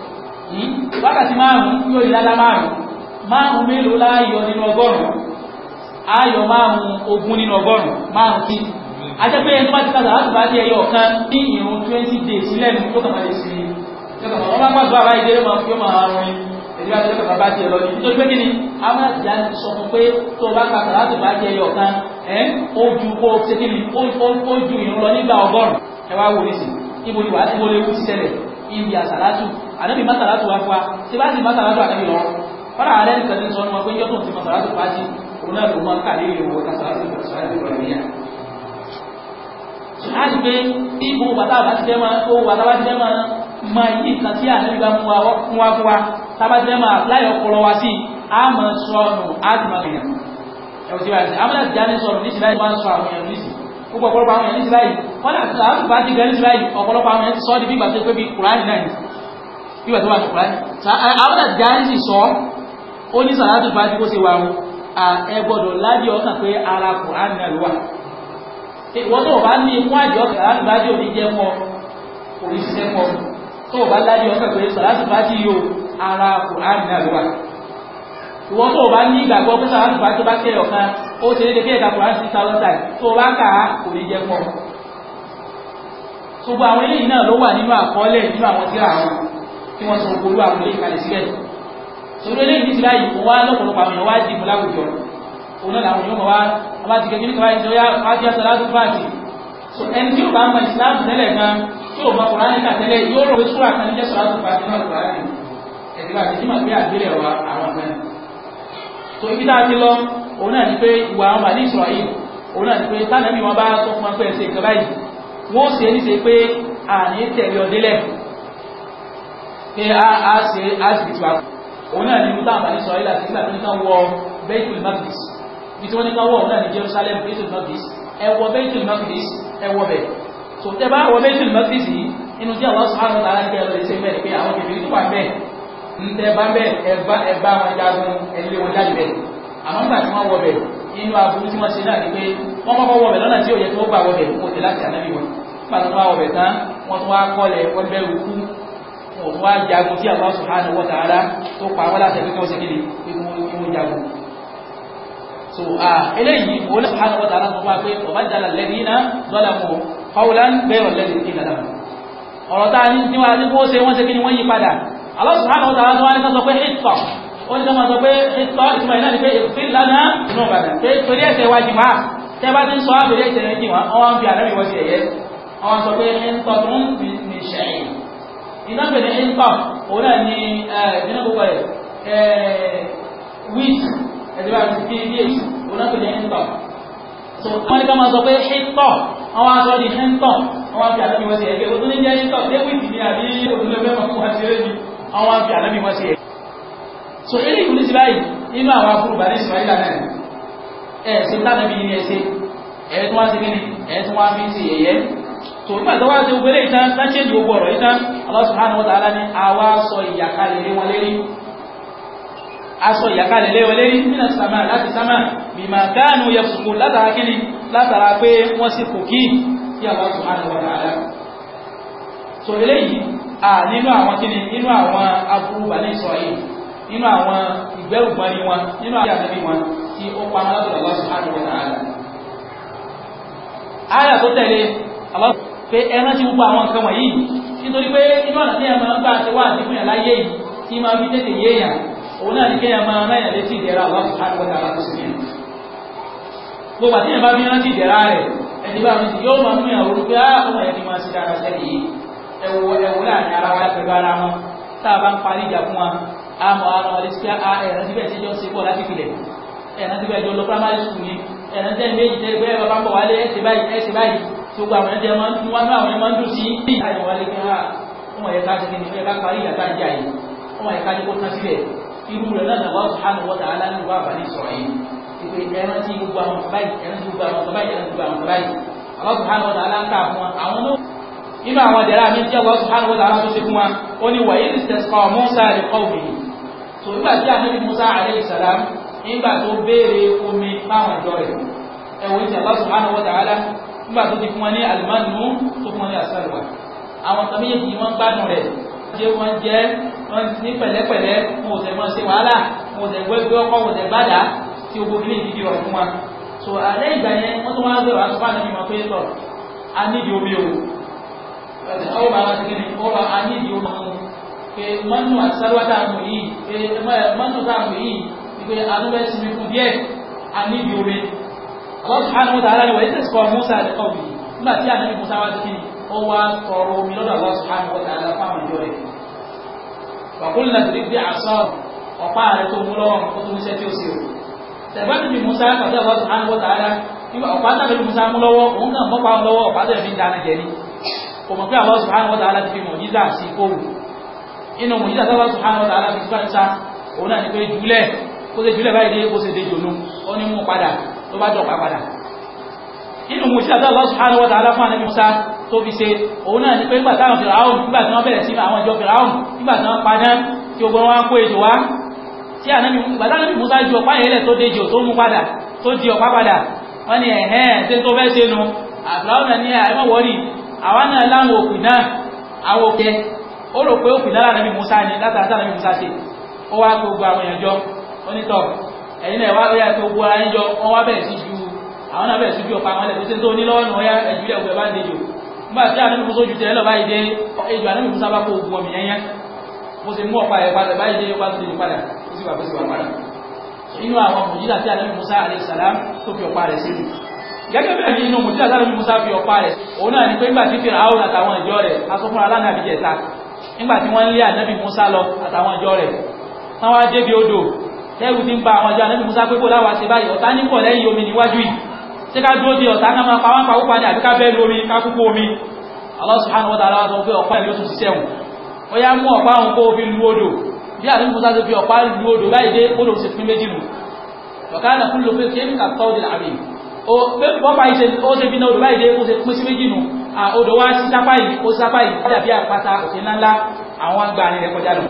wákàtí márùn-ún yóò ìlàlá márùn-ún márùn-ún mélòó láàyọ nínú ọgọ́rùn-ún ayọ̀ márùn-ún ogún nínú ọgọ́rùn-ún márùn-ún kí ajẹ́pẹ́ ẹni tó bá ti kàtà láti bá dé ẹyọ ọ̀kan ní ìrún 20 days lẹ́nu tó kàmà lè sí wọ́n bá gbàgbọ́ àbá ìdéré máa fi ọmọ àrùn ẹ̀dí àti ọkọ̀ bá tiẹ̀ lọ ní nítorí pé kí ni a máa ti á sọ fún pé tó o bá kàtà láti bá tiẹ̀ yọ̀ kan ẹ̀ ó ju kó o ṣe kí ni ó ju ìrún lọ nígbà ọgọ́rùn-ún ẹ wá wò nísìnyí ibo ni wàá ti wọlé ewu ti ṣẹlẹ̀ ibi àṣà látù ànábì masalatu wa fa tí bá sì masalatu ànábì lọ fara ààrẹ nìkan ní sọ ní wọn pé yọtọ̀ ti masalatu fa sí òun náà ló máa ń kà lé ìwọ masalatu masalatu wa nìyà. sùhánì pé ipò bàtà bá ti fẹ́ máa ó bàtà bá ti fẹ́ máa máa yí nǹkan tí ànábì bá mú wa fún wa tábà ti fẹ́ máa láyọ̀ ọpọlọ wa sí a máa sọ ọnù a ti máa bẹ̀yàn. ẹ̀wọ̀n ti wá sí amúlẹ̀ ti jáde sọ̀rọ̀ níṣìlá yìí máa ń sọ àwọn èèyàn níṣìlá gbogbo ọ̀pọ̀lọpọ̀ àwọn èèyàn níṣìlá yìí wọ́n náà ti sọ àwọn ìbá ti gẹ̀ẹ́ níṣìlá yìí ọ̀pọ̀lọpọ̀ àwọn èèyàn ti sọ ọ́ di bí ìgbà tó pé bí kùránì náà ni bí wàtí wà ní kùránì àwọn àjáǹdì sọ ó ní sàlátù bá ti kó ṣe wà wọn ẹ gbọ́dọ̀ ládì ọkàn pé ara kùránì náà ló wà wọ́n tó bá ní mú àjọ sàlátù bá ti ò ní jẹ́ mọ́ orí ṣiṣẹ́ mọ́ tó bá ládì ọkàn pé sàlátù bá ti yóò ara kùránì náà ló wà ìwọ́n tó bá ní ìgbàgbọ́ pé sàlátù bá ti bá kẹ́ ọ̀kan ó ṣe é débi ẹ̀ka kùránì sí tàlọ́tà tó bá kà á kò ní jẹ́ mọ́ gbogbo àwọn eléyìí náà ló wà nínú àkọọ́lẹ̀ nínú àwọn tíra àwọn tí wọ́n sọ gbogbo àwọn ilé ìkàlẹ̀ sílẹ̀ sórí eléyìí ní ti láyìí mo wá lọ́pọ̀lọpọ̀ àwọn èèyàn wá dìbò láwùjọ òun náà làwọn èèyàn wá wá ti kékeré kan wáyé lọ́yà wá jẹ́ sọ́láàdù fáàtì so ẹni tí yóò bá mọ ìsìláàmù tẹ́lẹ̀ gan tí yóò mọ kùránì kà tẹ́lẹ̀ yóò rò pé sùúrù àkànní jẹ́ sọ́láàdù fáàtì náà kùránì ẹ̀sìn láti tí màá gbé àgbélẹ̀ a ti lọ òun náà ni pé ìwà bá sọ fún pé a ṣe a ṣe ètò àpò òun náà ní mutá àbáyé sọ ilà nígbà tó ní ká wọ Baitul Maqdis bí tí wọ́n ní ká wọ òun náà ní Jerusalem Baitul Maqdis ẹ wọ Baitul Maqdis ẹ wọ bẹ̀ tó tẹ́ bá wọ Baitul Maqdis yìí inú tí àwọn sọ̀rọ̀ àwọn ará kẹrọ lè ṣe bẹ́ẹ̀ pé àwọn kèfèrè tó wà bẹ́ẹ̀ ń tẹ́ bá bẹ́ẹ̀ ẹ bá ẹ bá wọn jagun ẹ lé ni pé wọ́n kọ́kọ́ wọ bẹ̀ lọ́nà tí ó yẹ tí wọ́n gbà wọ bẹ̀ kó tẹ̀ láti ànábì wọn nígbà tó wọ́n wọ bẹ̀ wọn wá jagun tí Allah subhanahu wa ta'ala tó pa wọ́n láti ẹ̀kọ́ sí kíni kí wọ́n so eléyìí wọ́n subhanahu wa ta'ala tó wá pé ọba jala alladhina zalamu qawlan ghayra alladhi qila lahum ọ̀rọ̀ tá a ní tí wọ́n ti kó ṣe wọ́n ṣe kíni wọ́n Allah subhanahu wa ta'ala tó wá ní ká sọ pé ìtọ̀ ó ní ká máa sọ pé ìtọ̀ ìtumọ̀ ìlànà pé ìfín lánàá inú ọ̀bàdàn pé torí ẹ̀ṣẹ̀ wájú máa tẹ́ bá ti ń sọ pé ń tọ́ tó ń ṣẹ̀yìn iná bẹ̀rẹ̀ ẹ̀ńpà òun náà ni ẹ̀ẹ́dínà púpọ̀ rẹ̀ ẹ̀ẹ́ ti fi ní òun náà bẹ̀rẹ̀ ẹ̀ńpà so wọ́n ní ká máa sọ pé ẹ̀ńtọ̀ wọ́n wá sọ ní ẹ̀ńtọ̀ wọ́n wá fi àlábì wọ́n sí ẹ̀kẹ́ tó ní jẹ́ ẹ̀ńtọ̀ déwìtì ni àbí olùlọ́gbẹ́ wọn wá sí so eré ìkùnlé ti báyìí inú àwọn afúrú bàrẹ́ ìsìnwáyé lànà ẹ̀ ẹ̀ sí tánàbí ni ẹ̀ sí ẹ̀ so tó wá ṣe gbogbo eléyìí tán tán gbogbo ọ̀rọ̀ yìí tán Allah subhanahu wa ta'ala ní àwa sọ ìyàkalẹ̀ lé wọn lérí aṣọ ìyàkalẹ̀ lé wọn lérí nínú sàmà láti sàmà bima kanu yafsukun látara kíni látara pé wọ́n sì kò kí sí Allah subhanahu wa ta'ala so eléyìí à nínú àwọn kíni nínú àwọn aburú bàní sọ yìí nínú àwọn ìgbẹ́rùgbọ́n wọn nínú àwọn àtẹ́bí wọn tí ó Allah subhanahu wa ta'ala. Aya tó Allah pé ẹran ti gbogbo àwọn nǹkan wọ̀nyí nítorí pé inú ọ̀nà tí ẹ̀mọ̀ gbà ṣe wà ní fúnyàn láyé yìí tí máa fi tètè yé èèyàn òun náà ní kí ẹ̀mọ̀ náà létí ìdẹ̀ra àwọn àgbẹ̀dà alákòóso yẹn gbogbo àti ẹ̀mọ̀ bí rántí ìdẹ̀ra rẹ̀ ẹni bá mi sì yóò máa fún ìyàwó pé á ọmọ yẹn ti máa ṣe dára sẹ́yìn yìí ẹ̀wù ẹ̀wù láàrin ara wa pẹ̀lú ara wọn tá a bá ń parí ìjà fún wa a mọ̀ ara wọn létí pé ah, ẹ̀rọ ti bẹ̀ ṣe jọ ṣe pọ̀ láti filẹ̀ tó gba àwọn ẹ̀jẹ̀ máa ń dún wá ní àwọn ẹ̀jẹ̀ máa ń dún sí bí ìyá ìwà lè fún wa wọn wọ̀nyẹ ká ṣẹ́gi ní fún yẹ ká parí ìyá tá yìí wọn wọ̀nyẹ ká ní kó tán síbẹ̀ irú rẹ̀ náà nàbà subhanahu wa ta'ala ní wà bàní sọ̀rọ̀ yìí ìpè ẹran tí gbogbo àwọn kàbáyì ẹran tí gbogbo àwọn kàbáyì ẹran tí gbogbo àwọn kàbáyì Allah subhanahu wa ta'ala ń fún àwọn ló nínú àwọn àdẹ̀rà mi tí Allah subhanahu wa ta'ala ṣe fún wa ó ní wàyí ní sẹ̀sìkà Musa rẹ̀ kọ́ òbí tó nígbà tí ànábì Musa alayhi salam nígbà tó béèrè omi fáwọn ìjọ rẹ̀ ẹ̀wọ̀n ìtì Allah subhanahu wa nígbà tó ti fún wọn ní alimánú tó fún wọn ní àṣàlùwà àwọn tàbí yẹn kì í wọ́n gbádùn rẹ̀ jẹ́ wọ́n jẹ́ wọ́n ní pẹ̀lẹ́pẹ̀lẹ́ wọn ò tẹ̀ mọ́ ṣe wàhálà wọn ò tẹ̀ gbẹ́gbẹ́ ọkọ̀ wọn ò tẹ̀ gbádà tí o gbogbo ní ìdí ọ̀rọ̀ fún wa so àlẹ́ ìgbà yẹn wọ́n tó wá gbẹ̀rọ àtúbà náà ní ma pé tọ̀ a nídìí omi o ọ bá wá sígi ni ọ bá a subhanahu wa ta'ala ni wà yíṣẹ́ sọ musa àti kọ́ọ̀bì nígbà tí ànábì musa wá sí kí ó wá tọrọ omi lọ́dọ̀ Allah subhanahu wa ta'ala fáwọn ìjọ rẹ̀ wàkúlù náà ti rí bí àṣọ ọ̀pá rẹ̀ tó mú lọ́wọ́ mọ̀ pé sí kóòwù inú mọ̀jíza tó Allah subhanahu wa ta'ala fi fẹ́ sa òun náà ni pé jùlẹ̀ kó ṣe jùlẹ̀ báyìí kó ṣe dé jòlú ó ní mú padà tó bá dọ̀pá padà nínú mo ṣe Allah subhanahu wa ta'ala fún ànábì Musa tó fi ṣe òun náà ni pé nígbà táwọn fìràhùn nígbà tí wọ́n bẹ̀rẹ̀ sí àwọn ìjọ fìràhùn nígbà tí wọ́n padà tí ogun wọn kó èjò wá tí ànábì Musa ju ọ̀pá yẹn lẹ̀ tó dé jò tó mú padà tó di ọ̀pá padà wọ́n ní ẹ̀hẹ́n tí tó fẹ́ ṣe nu àfìràhùn náà ní àìmọ̀ wọ́rì àwọn náà láwọn òkú náà àwọn òkè ó rò pé òkú náà lànàbì Musa ni látàrí ẹ̀yin náà wá bẹ́ẹ̀ tó gbọ́ ayé jọ wọ́n wá bẹ̀rẹ̀ sí ju àwọn náà bẹ̀rẹ̀ sí ju ọ̀pá àwọn ẹlẹ́gbẹ̀ẹ́ tó ní lọ́wọ́ nù ọ̀yá ẹ̀jú ilẹ̀ ògbẹ́ bá ń dejò nígbà tí àná ìfúnso ju tẹ̀lé lọ́ba ìdè ejò àná ìfúnso bá kó ogun ọmọ yẹn yẹn mo sì mú ọ̀pá ẹ̀ padà báyìí dé ọ̀pá tó dé padà ó sì wà bó sì wà padà inú àwọn mùjíṣà tí àná ìfúnso alayhi salam tó fi ọ̀pá rẹ̀ sí gẹ́gẹ́ bẹ́ẹ̀ ni inú mùjíṣà tí àná ìfúnso fi ọ̀pá rẹ̀ òun náà ni pé nígbà tí fi àwọn àtàwọn ìjọ rẹ̀ aṣọ fúnra lánàá àbíjẹta nígbà tí wọ́n lé ànábì Mùsá lọ àtàwọn ìjọ rẹ̀ wọ́n wá débi odò lẹ́rù ti ń ba àwọn ìjọ ànábì Musa pé kó láwa ṣe báyìí ọ̀tá ní pọ̀ lẹ́yìn omi níwájú yìí ṣé ká dúró di ọ̀tá náà máa pa pàwọ́pàá ní àbíká bẹ́ẹ̀ lómi ká omi Allah subhanahu wa ta'ala sọ pé ọ̀pá ìlú tún ti sẹ́wọ̀n ó yá mú ọ̀pá òun kó fi lu odò bí ànábì Musa ti fi ọ̀pá lu odò báyìí dé ó lòun sì pín méjì lù ọ̀kadà fún lópe kí ẹ̀mí kàtọ́ òdì làbí pọ́pá ìṣe ó ṣe bínú odò báyìí dé ó ṣe pín sí méjì nù odò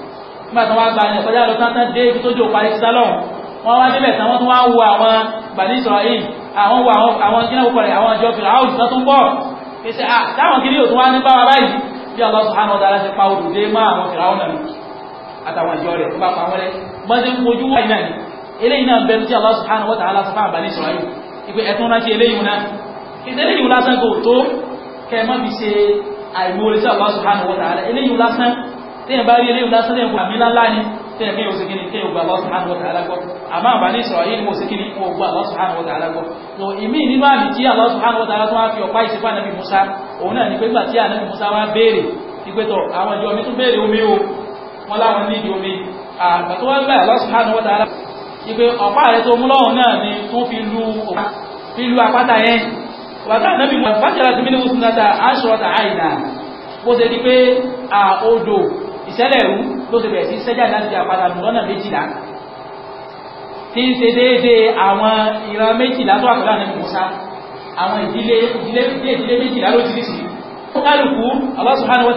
nígbà tí wọ́n gba ẹ̀yìn kọjá lọ tán tán dé ibi tó jò parí ti sálọ̀hún wọ́n wá débẹ̀ tán wọ́n tún wá wo àwọn bàní Israel àwọn wo àwọn àwọn kí náà wọ́pọ̀ rẹ̀ àwọn ìjọ fìlà áwùjọ tán tún bọ̀ pèsè à táwọn kiri yóò tún wá ní bá wa báyìí bí Allah subhanahu wa ta'ala ti pa odò dé má àwọn fìlà ọ̀nà àtàwọn ìjọ rẹ̀ tó bá pa wọ́n rẹ̀ mọ́tí ń kojú wáyé náà ni eléyìí náà bẹ̀rù tí Allah subhanahu wa ta'ala sọ fún àbáni Israel ìpè ẹ̀tún náà ṣe eléyìí náà ìdí eléyìí lásán kò tó kẹ́ ẹ má fi ṣe àìmọ́ orí sí Allah subhanahu wa ta'ala eléyìí lásán téèyàn bá rí eré lásán lẹ́yìn àmì ńláńlá ni téèyàn kéèyàn ṣe kíni kéèyàn gba Allah subhanahu wa ta'ala gbọ́ àmọ́ àbá ní ìsọ̀rọ̀ yìí ni mo ṣe kíni mo gba Allah subhanahu wa ta'ala gbọ́ so ìmí nínú àmì tí Allah subhanahu wa ta'ala tó wá fi ọ̀pá ìṣẹ́fà nàbì Musa òun náà ni pé gbà tí ànábì Musa wá béèrè ìgbẹ́tọ̀ àwọn ìjọ mi tún béèrè omi o wọn láwọn ní ìdí omi àgbà tó gbà Allah subhanahu ọ̀pá rẹ̀ tó mú náà ni tó fi lu òkú fi wàtá ànábì Musa fájàlá ti mímú sunata aṣọ àìdá bó ṣe di pé a odò ìṣẹ̀lẹ̀ ìrú ló ti bẹ̀rẹ̀ sí sẹ́jà láti àpàdà lọ́nà méjìlá tí ń ṣe déédéé àwọn ìran méjìlá tó àpàdà ní Mùsá àwọn ìdílé ìdílé ìdílé méjìlá ló ti rísì kálukú Allah subhanahu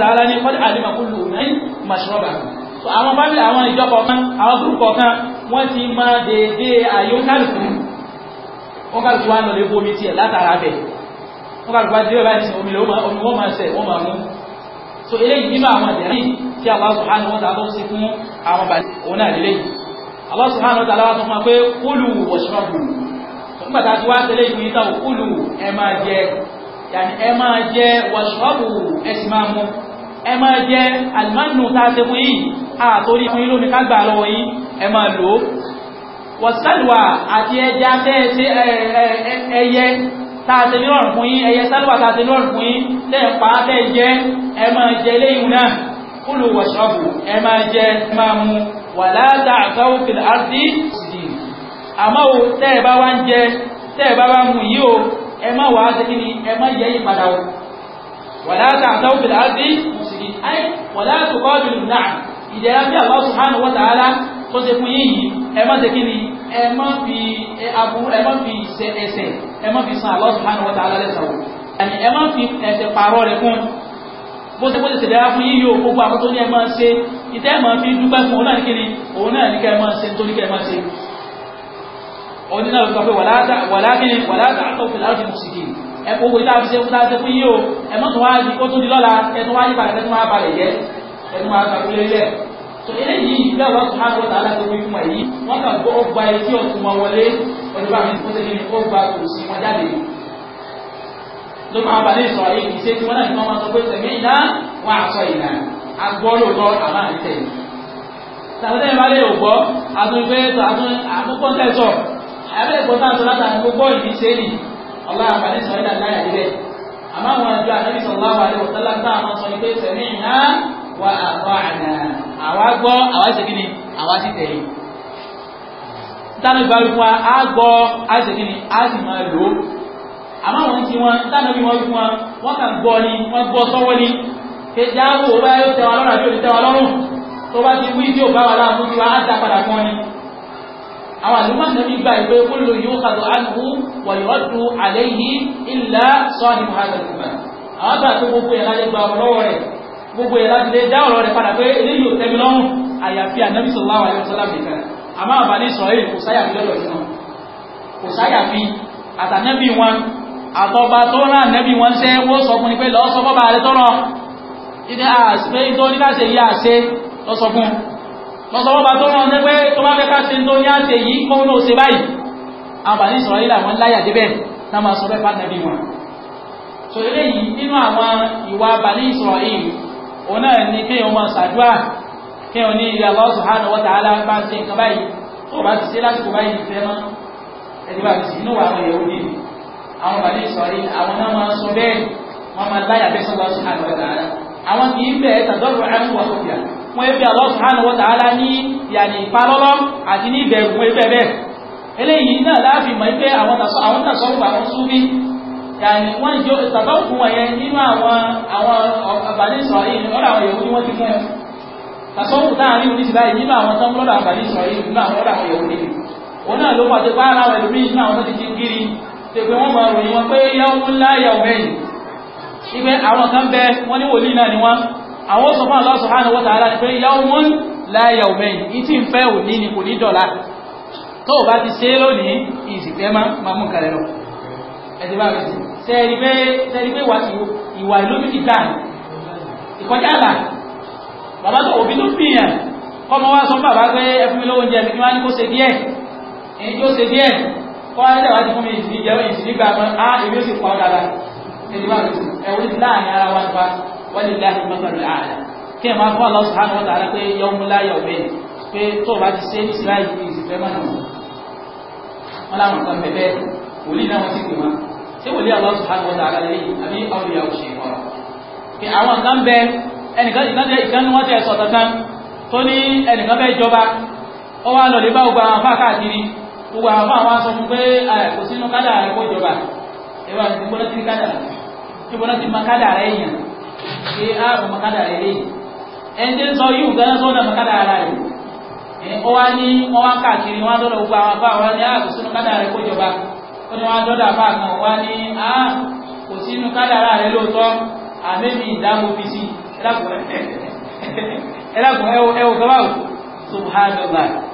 wa ní qad so eléyìí nínú àwọn àdẹ̀rìn tí Allah subhanahu wa ta'ala sí fún àwọn bàbá òun náà lélẹ̀ yìí Allah subhanahu wa ta'ala wá sọ fún wa pé kúlù washrabu nígbà tá a ti wá tẹ́lẹ̀ ìpín ìtàn kúlù ẹ máa jẹ yàní ẹ máa jẹ washrabu ẹ sì máa mú ẹ máa jẹ àlùmánù tá a ṣe fún yìí àtòrí fún yín lónìí ká gbà lọ́wọ́ yín ẹ máa lò ó wọ̀sálùwà àti ẹja tẹ́ẹ̀ṣe ẹyẹ tààtẹ ní ọ̀rùn fún yín ẹyẹ sálùwà tààtẹ ní ọ̀rùn fún yín tẹ́ẹ̀ tẹ́ẹ̀ jẹ́ ẹ máa jẹ léyìn náà kúlù wàṣọ́bù ẹ máa jẹ máa mú wà látà àtọ́wò fìlà áti ìdì àmọ́ o tẹ́ ẹ bá wá ń jẹ tẹ́ ẹ bá wá mú yìí o ẹ má wàá ṣe kí ni ẹ má yẹ yí padà o wà látà àtọ́wò fìlà áti ìdì ayé wà látà kọ́ọ̀dù náà ìdẹ̀ra bí Allah subhanahu wa ta'ala tó ṣe fún yín yìí ẹ ni ẹ fi aburú ẹ fi ṣe ẹsẹ̀ ẹ fi san Allah subhanahu wa ta'ala lẹ́sàn bó ṣe bó ṣe ṣẹlẹ̀ fún yíyó gbogbo àwọn tó ní ẹ máa ṣe ìtẹ́ ẹ̀ máa fi dúpẹ́ fún òun náà nìkí ni òun náà ní kẹ́ ẹ máa ṣe nítorí kẹ́ ẹ máa ṣe. ọdún náà sọ pé wàlákìnrin wàlákìnrin àtọ́kùn láti mú sìkì ẹ kó gbogbo ìta ṣe fúnta ṣe fún yíyó ẹ mọ́tò wá di kó tó di lọ́la ẹ tó wá yí padà tẹ́tí máa balẹ̀ jẹ́ ẹ tó máa tàbí lélẹ̀ so eléyìí bẹ́ẹ̀ wọ́n tún hàn wọ́tà aláṣẹ wí fún ẹ̀ yìí wọ́n kàn gbọ́ ọgbà etí ọ̀tún wọn wọlé ọdún bá mi kó tẹ́lẹ̀ ó kò sí wọn jáde ló máa balẹ̀ sọ ayé ìṣe tí wọ́n náà ti máa sọ pé tẹ̀mí iná wọ́n àṣọ ìlà agbọ́ lóòótọ́ àmà àtẹ̀. tàbí balẹ̀ ò gbọ́ àtúnfẹ́ àtúnkọ́ tẹ̀ sọ àbẹ́ ẹ̀kọ́ tá a sọ látàrí gbogbo ìdí ṣe nì ọ̀la àbálẹ̀ sọ ìlà láyà ilẹ̀ àmọ́ àwọn àjọ àtẹ́bí sọ̀lá àbálẹ̀ òtẹ́lá àmọ́ àwọn tí wọn tánàbí wọn fún wọn wọ́n kà gbọ́ ni wọ́n gbọ́ sọ́wọ́ ni kejì ààbò ó bá yóò tẹ́ wa lọ́rùn àbí òní tẹ́ wa lọ́rùn tó bá ti wí tí ò bá wa láàbù tí wa á dá padà fún ọ ni. àwọn àlùmọ́ nàbí gba ìwé kúlù yóò kàdó àlùkù wàyọ̀dù àlẹ́ yìí ìlà sọ́ọ̀nì muhammed àwọn bá tó gbogbo kò sáyà fi lọ́dọ̀ yìí kò sáyà fi àtànábì wọn àtọba tó rán nẹ́bí wọn ṣẹ́ wó sọ fún ni pé lọ́ọ́ sọ fọ́bà rẹ tọ́rọ ìdí àṣẹ tó ní láṣẹ yí àṣẹ lọ́sọ fún lọ́sọ fọ́bà tó rán ní pé tó bá fẹ́ ṣe nǹkan báyìí tó bá ti ṣe lásìkò báyìí fẹ́ mọ́ ẹ̀dí bá ti sì inú àwọn èèyàn ó níbi àwọn bàbá ìsọ̀rí àwọn náà máa ń sọ bẹ́ẹ̀ wọ́n máa láyà bẹ́ẹ̀ sọ́lá sí àwọn ọ̀dà rẹ̀ àwọn kì í bẹ̀ẹ́ tàdọ́rọ̀ ẹ̀mú wà tó bìà wọ́n ebi Allah subhanahu wa ta'ala ní yàní ìpalọ́lọ́ àti ní ìbẹ̀rù wọn ebẹ̀ bẹ́ẹ̀ eléyìí náà láàfin mọ̀ pé àwọn tàṣọ àwọn tàṣọ wà wọn súnbí yàní wọ́n jọ tàbọ̀kù wọn yẹn nínú àwọn àwọn àbálẹ̀ sọ̀rọ̀ yìí lọ́dọ̀ àwọn yòówù ni wọ́n ti mú ẹ tàṣọ wù láàrin oníṣẹ́ báyìí nínú àwọn tán lọ́dọ̀ àbálẹ̀ sọ̀rọ̀ yìí nínú àwọn lọ́dọ̀ àwọn yòówù ni òun náà ló pàṣẹ pààrà àwọn ẹlòmíì nínú àwọn tó ti ti kiri tẹ̀gbẹ́ wọ́n máa ròyìn wọn pé yáwó ńlá yàwó mẹ́yìn ibẹ̀ àwọn kan bẹ wọ́n ní wòlíì náà ni wọ́n àwọn sọ fún Allah subhanahu wa ta'ala ni pé yáwó mọ́n láyàwó mẹ́yìn ìtì ń fẹ́ òní ni kò ní dọ̀la tó o bá ti ṣe lónìí ìsìnkẹ́ máa mú kalẹ̀ lọ ẹ̀dí bá rẹ̀ sí sẹ́ẹ̀rí pé sẹ́ẹ̀rí pé ìwà ìlóbi ti dà ìkọjá àlà bàbá tó òbí tó bìyàn kọ́mọ wá sọ fún bàbá pé ẹ fún mi lówó oúnjẹ mi kí wọ́n á ní kọ́ ẹ́ tẹ̀wá ti fún mi ìsìn jẹ́ ìsìn gbà mọ́ á èmi ó sì pọ̀ dada ẹni bá rẹ̀ ẹ̀wọ́n ti láàrin ara wa nípa wọ́n lè láàrin mọ́tàlú ààrẹ kí ẹ̀ máa fọ́ Allah subhanahu wa ta'ala pé yọmú láyọ̀ bẹ́ẹ̀ pé tó o bá ti ṣe ní sílá yìí ìsìnfẹ́ mọ́nà wọn láwọn kan bẹ̀bẹ̀ wòlíì náà wọ́n sì pè wọ́n ṣé wòlíì Allah subhanahu wa ta'ala lè àbí ọ̀rọ̀ ìyàwó ṣe wọ́n. pé àwọn kan bẹ ẹnìkan ìkànnì wọn tẹ sọ kankan tó ní ẹnìkan bẹ jọba ó wá lọ lè bá gbogbo àwọn afá káàkiri gbogbo àwọn máa wá sọ fún pé kò sínú kádà rẹ kó jọba ẹwà ìgbóná ti kádà ìgbóná ti ma kádà rẹ yàn ṣe ààrùn ma kádà rẹ lẹ́yìn ẹnjẹ sọ yìí ògbẹ́rẹ́ sọ́nà ma kádà rẹ ó wá ní wọ́n wá káàkiri wọ́n á dọ́dọ̀ gbogbo àwọn afá wọn ní kò sínú kádà rẹ kó jọba ó ní wọ́n dọ́dọ̀ afá kan wá ní kò sínú kádà rẹ lóòótọ́ àmẹ́bí ìdáàbò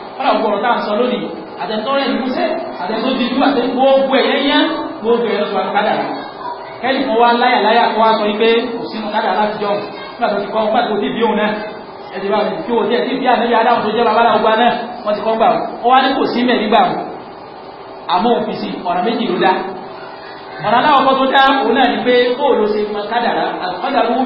kọ́lá gbọ́rọ̀ táà sọ lónìí àtẹ̀tọ́rẹ̀ ìmúṣẹ́ àtẹ̀tọ́jú ìlú àti gbogbo ẹ̀yẹ́ yẹn gbogbo ẹ̀rọ tó àkádà kẹ́lì kan wá láyà láyà kó wá sọ wípé kò sínú kádà láti jọ nígbà tó ti kọ́ nígbà tó ti bí òun náà ẹ̀dì bá mi kí wò tí ẹ̀ ti bí ànábi adáhùn tó jẹ́ babaláwo gba náà wọ́n ti kọ́ gbà ó wá ní kò sí mẹ́rin gbà ó àmọ́ òfin sí ọ̀rọ̀ méjì ló dá ọ̀rọ̀ aláwọ̀kọ́ tó dá òun náà ni pé ó ló ṣe máa kádàrá àkọ́dàrú mí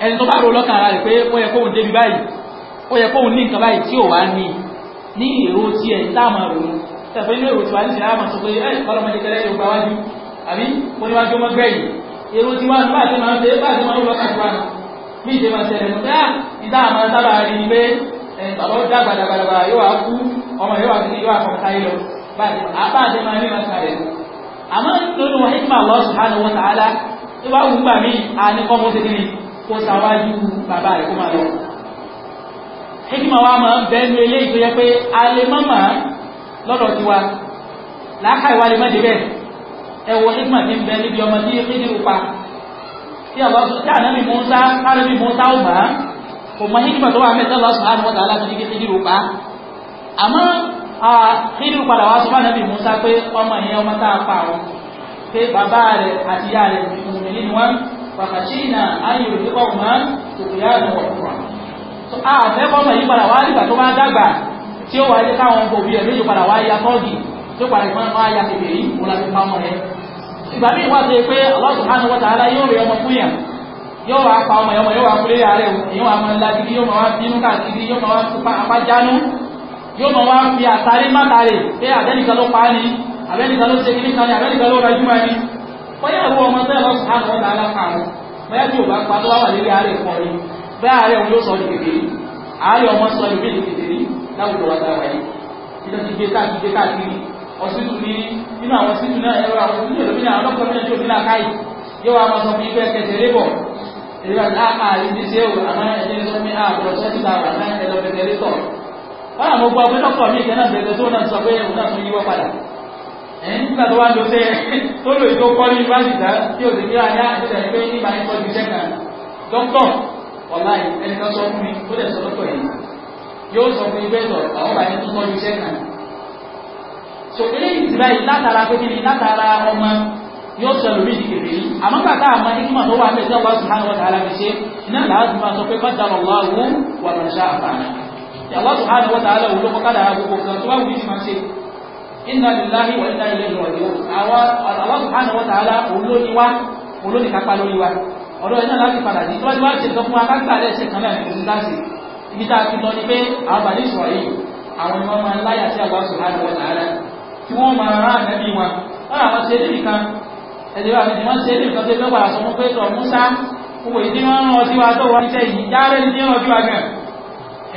ẹni tó bá ro lọ́kàn ara rẹ̀ pé ó yẹ kóhun débi báyìí ó yẹ kóhun ní nǹkan báyìí tí ò wá ní ní èrò tí ẹ̀ láàmà ròun tẹ̀fẹ́ inú èrò tí wà ní ìṣẹ̀lá àmà sọ pé ẹ̀ kọ́lọ́mọdé tẹ́lẹ̀ yóò gbá wájú àbí ó ní wájú mọ́gbẹ́yìn èrò tí wà nípa àti máa ń ṣe bá àti máa ń lọ́kàn tó wà ní ìṣe máa ṣẹlẹ̀ mọ́ bẹ́ẹ̀ ìdá àmà sábà rí ni pé bàbá ó dàgbà dàgbà yóò wá kú ọmọ yóò wá kú yóò wá fọ káyé lọ bá àti máa ní máa ṣàlẹ̀ àmọ́ lónìí wọn hikma Allah subhanahu wa ta'ala tó bá wù gbà mí àníkọ́ mọ́ kó sáwájú bàbá rẹ̀ kó máa lọ. hekima wa máa ń bẹ́nu eléyìí tó yẹ pé a lè má mà á lọ́dọ̀ tiwa làákàyè wa lè má débẹ̀ ẹ wo hekima ti ń bẹ níbi ọmọ tí Khidiru pa tí a lọ sọ tí ànábì Mùsá ànábì Mùsá ò mà á kò mọ hekima tó wà mẹ́ta lọ́sọ̀ subhanahu wa ta'ala aláṣọ ní Khidiru àmọ́ Khidiru padà wá sọ fún ànábì Mùsá pé ọmọ yẹn ọmọ tá a pa àwọn pé bàbá rẹ̀ àti ìyá rẹ̀ fàkàṣínà ayò nípọ̀ máa tòkìyà àwọn ọ̀pọ̀ àtẹ́kọ̀ọ́mọ yìí padà wá nígbà tó bá dàgbà tí ó wà ní káwọn òbí ẹ̀ méjì padà wá ya tọ́ọ̀gì tó padà ìpọ́n máa ya kèké yìí mo la fi pa ọmọ rẹ̀ ìgbà míì wá sí pé Allah subhanahu wa ta'ala yóò rí ọmọ fúnyà yóò wá pa ọmọ ọmọ yóò wá kúlé ààrẹ yóò wá máa lagidi yóò máa bínú káàkiri yóò máa apájánú yóò máa wá fi àtàrí mátàrí pé àbẹ́nìkan ló pa á ní àbẹ́nìkan ló ṣe kíní kan ní àbẹ́nìkan ló rajúmọ́ ní bóyá àwọn ọmọ tẹ́ lọ sùn àwọn ọ̀dà alákàrọ̀ bóyá tí ò bá pa wà ààrẹ bóyá ààrẹ òun sọ ní kékeré ààrẹ ọmọ sọ ní bíi kékeré láwùjọ wa dára yìí ti gbé káàkiri gbé káàkiri ní àwọn náà àwọn yóò wá máa sọ fún ah, ah, ah, a ní nígbà tó wá lọ sẹ́ tó lò tó kọ́ ní yunifásitì tí o sì ní ra ní àtẹ̀tẹ̀ pé nígbà yẹn kọ́ ju sẹ́kà dọ́kítọ̀ ọ̀la ẹni kan sọ fún mi tó dẹ̀ sọ dọ́kítọ̀ yìí yóò sọ fún ibẹ̀ sọ àwọn bàyẹn tó kọ́ ju sẹ́kà. sọ eléyìí ti báyìí látara pé kí ni látara ọmọ yóò sọ lórí ìdíkèrè yìí àmọ́ gbàtà àmọ́ ìgbìmọ̀ tó wà mẹ́sẹ̀ wa ta'ala fi ṣe iná làásù wà lọ́sà àfààní. Allah subhanahu wa ta'ala wò ló kọ́ kádàrá gbogbo inna lillahi wa inna ilayhi raji'un àwọn Allah subhanahu wa ta'ala olóni wa olóni kápá lórí wa ọ̀dọ́ iná láti padà sí tí wọ́n ti wá ṣe nǹkan fún wa kágbà lẹ́sẹ̀ kan náà nínú dáṣì ibi tá a ti lọ ni pé àwọn bàdé sọ̀rọ̀ yìí àwọn ni wọ́n máa ń láyà sí Allah subhanahu wa ta'ala tí wọ́n máa rán àmẹ́bí wọn wọ́n àwọn ṣe dé nìkan ẹ̀dẹ̀ wa ni wọ́n ṣe dé nìkan tó fẹ́ wà sọ fún pé tọ̀ Musa owó ìdí wọn rán ọ sí wa tó wọ́n ṣe yìí járe ní ọjọ́ àgbẹ̀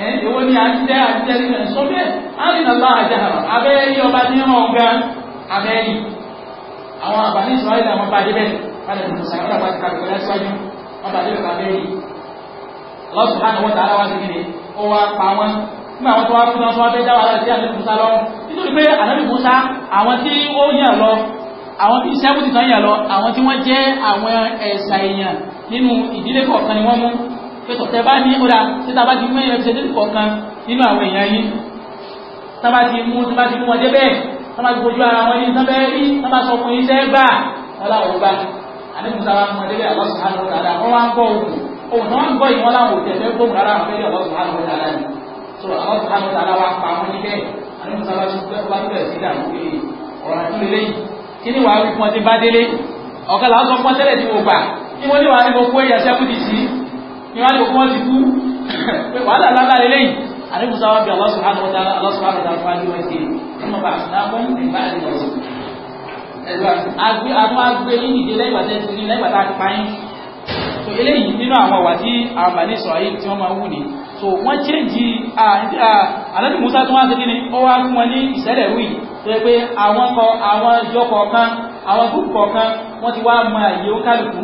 ẹ̀ èwo ni à ń tẹ́ àtẹ́ nílẹ̀ sọ bẹ́ẹ̀ àrìnà bá àjáhàrà abẹ́rẹ́ ọba ní ọ̀ràn gan abẹ́rẹ́ àwọn àbáni ìsọ̀rọ̀ ìlà wọn bá débẹ̀ padà tó sàn ọ̀dà pàtàkì kàbí pẹ̀lú ẹ̀sọ́jú wọn bá débẹ̀ abẹ́rẹ́ Allah subhanahu wa ta'ala wá sí kíni ó wá pa wọn nígbà wọn tó wá fún wọn tó wá fẹ́ dáwà láti àti Musa lọ nítorí pé ànábì Musa àwọn tí ó yàn lọ àwọn tí sẹ́kùtì tán yàn lọ àwọn tí wọ́n jẹ́ àwọn ẹ̀sà èèyàn nínú ìdílé kọ̀ọ̀kan ni wọ́n mú pẹ̀tọ̀ tẹ bá ní ọ̀dà títà bá ti mú ẹ̀yẹ ṣe délùkọ̀ kan nínú àwọn èèyàn yìí tábà ti mú tábà ti mú wọn débẹ̀ tábà ti fojú ara wọn yìí tábà rí tábà sọ fún iṣẹ́ gbà ọláwọ̀ gbà àdéhùn sábà mú wọn débẹ̀ àlọ́sùn hàn lọ́wọ́ dáadáa wọ́n wá ń gbọ́ òkú òun náà ń gbọ́ ìwọ́n láwọn òtẹ̀ fẹ́ gbóhùn rárá àwọn ẹgbẹ́ ọlọ́sùn hàn lọ́wọ́ dáadáa ni so àlọ́sùn ní wọ́n á lè kó wọ́n ti kú pé wàhálà lálá lélẹ́yìn àdébù sáwọn bí Allah subhanahu wa ta'ala Allah subhanahu wa ta'ala fún adéwọ̀n ṣe ẹ̀mọ́ bá àṣìná wọn ní ìgbà àdéhùn ọ̀sùn. àwọn agbé yín nìdí a ti so eléyìí nínú àwọn wà tí àwọn bàní sọ ayé tí wọ́n máa wù ní. so wọ́n chéjì àdébù Musa tó wá sí kíni ó wá fún wọn ní ìṣẹ̀lẹ̀ wíì tó yẹ pé àwọn jọ kọ̀ọ̀kan àwọn gúúpù kọ̀ọ̀kan wọ́n ti wá mọ àyè ó kálukú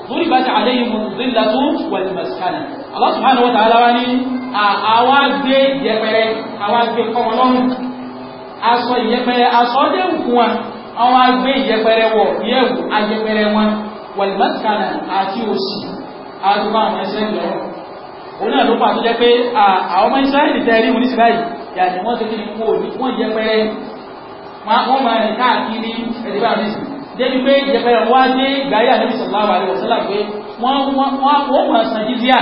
lórí bá ti àlẹ́ ìmọ̀ ìdílà tó wẹ̀lú mẹ́sìkánì Allah subhanahu wa ta'ala ní àwa gbé ìyẹpẹrẹ àwa gbé kọmọ lọ́rùn aṣọ ìyẹpẹrẹ aṣọ dé òkun wa àwa gbé ìyẹpẹrẹ wọ yẹ̀wò ayẹpẹrẹ wọn wẹ̀lú mẹ́sìkánì àti òsì àdúgbò àwọn ẹsẹ̀ lọ́rùn òun náà ló pa tó jẹ́ pé àwọn ọmọ Ísírẹ́lì tẹ́rí o níṣẹ́ báyìí yàtọ̀ wọ́n ti kí ni wọ́n yẹpẹrẹ wọ́n máa rìn débi pé jẹpẹ wá dé gbáyà níbi sọláwà rẹ wọsọlá pé wọn wọn wọn máa san jíjìá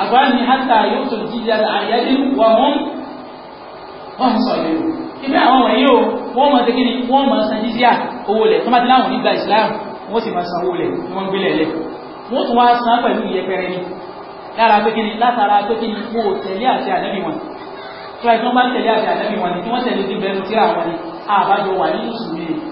àgbáyà ni hàtà yóò tó jíjìá àyájú wà wọn wọn sọ yìí o ibi àwọn wọ̀nyí o wọn máa tẹ kí ni wọn máa san jíjìá owó lẹ tọmọdé láwọn nígbà ìsìláàmù wọn sì máa san owó lẹ ni wọn gbélé lẹ wọn tún wá san pẹ̀lú ìyẹpẹrẹ ni lára pé kí ni látara pé kí ni wọn ò tẹ̀lé àti ànábì wọn tí wọn bá tẹ̀lé àti ànábì wọn ni tí wọn tẹ̀lé ti bẹnu tíra wọn ni àbájọ wà ní mùsùlùmí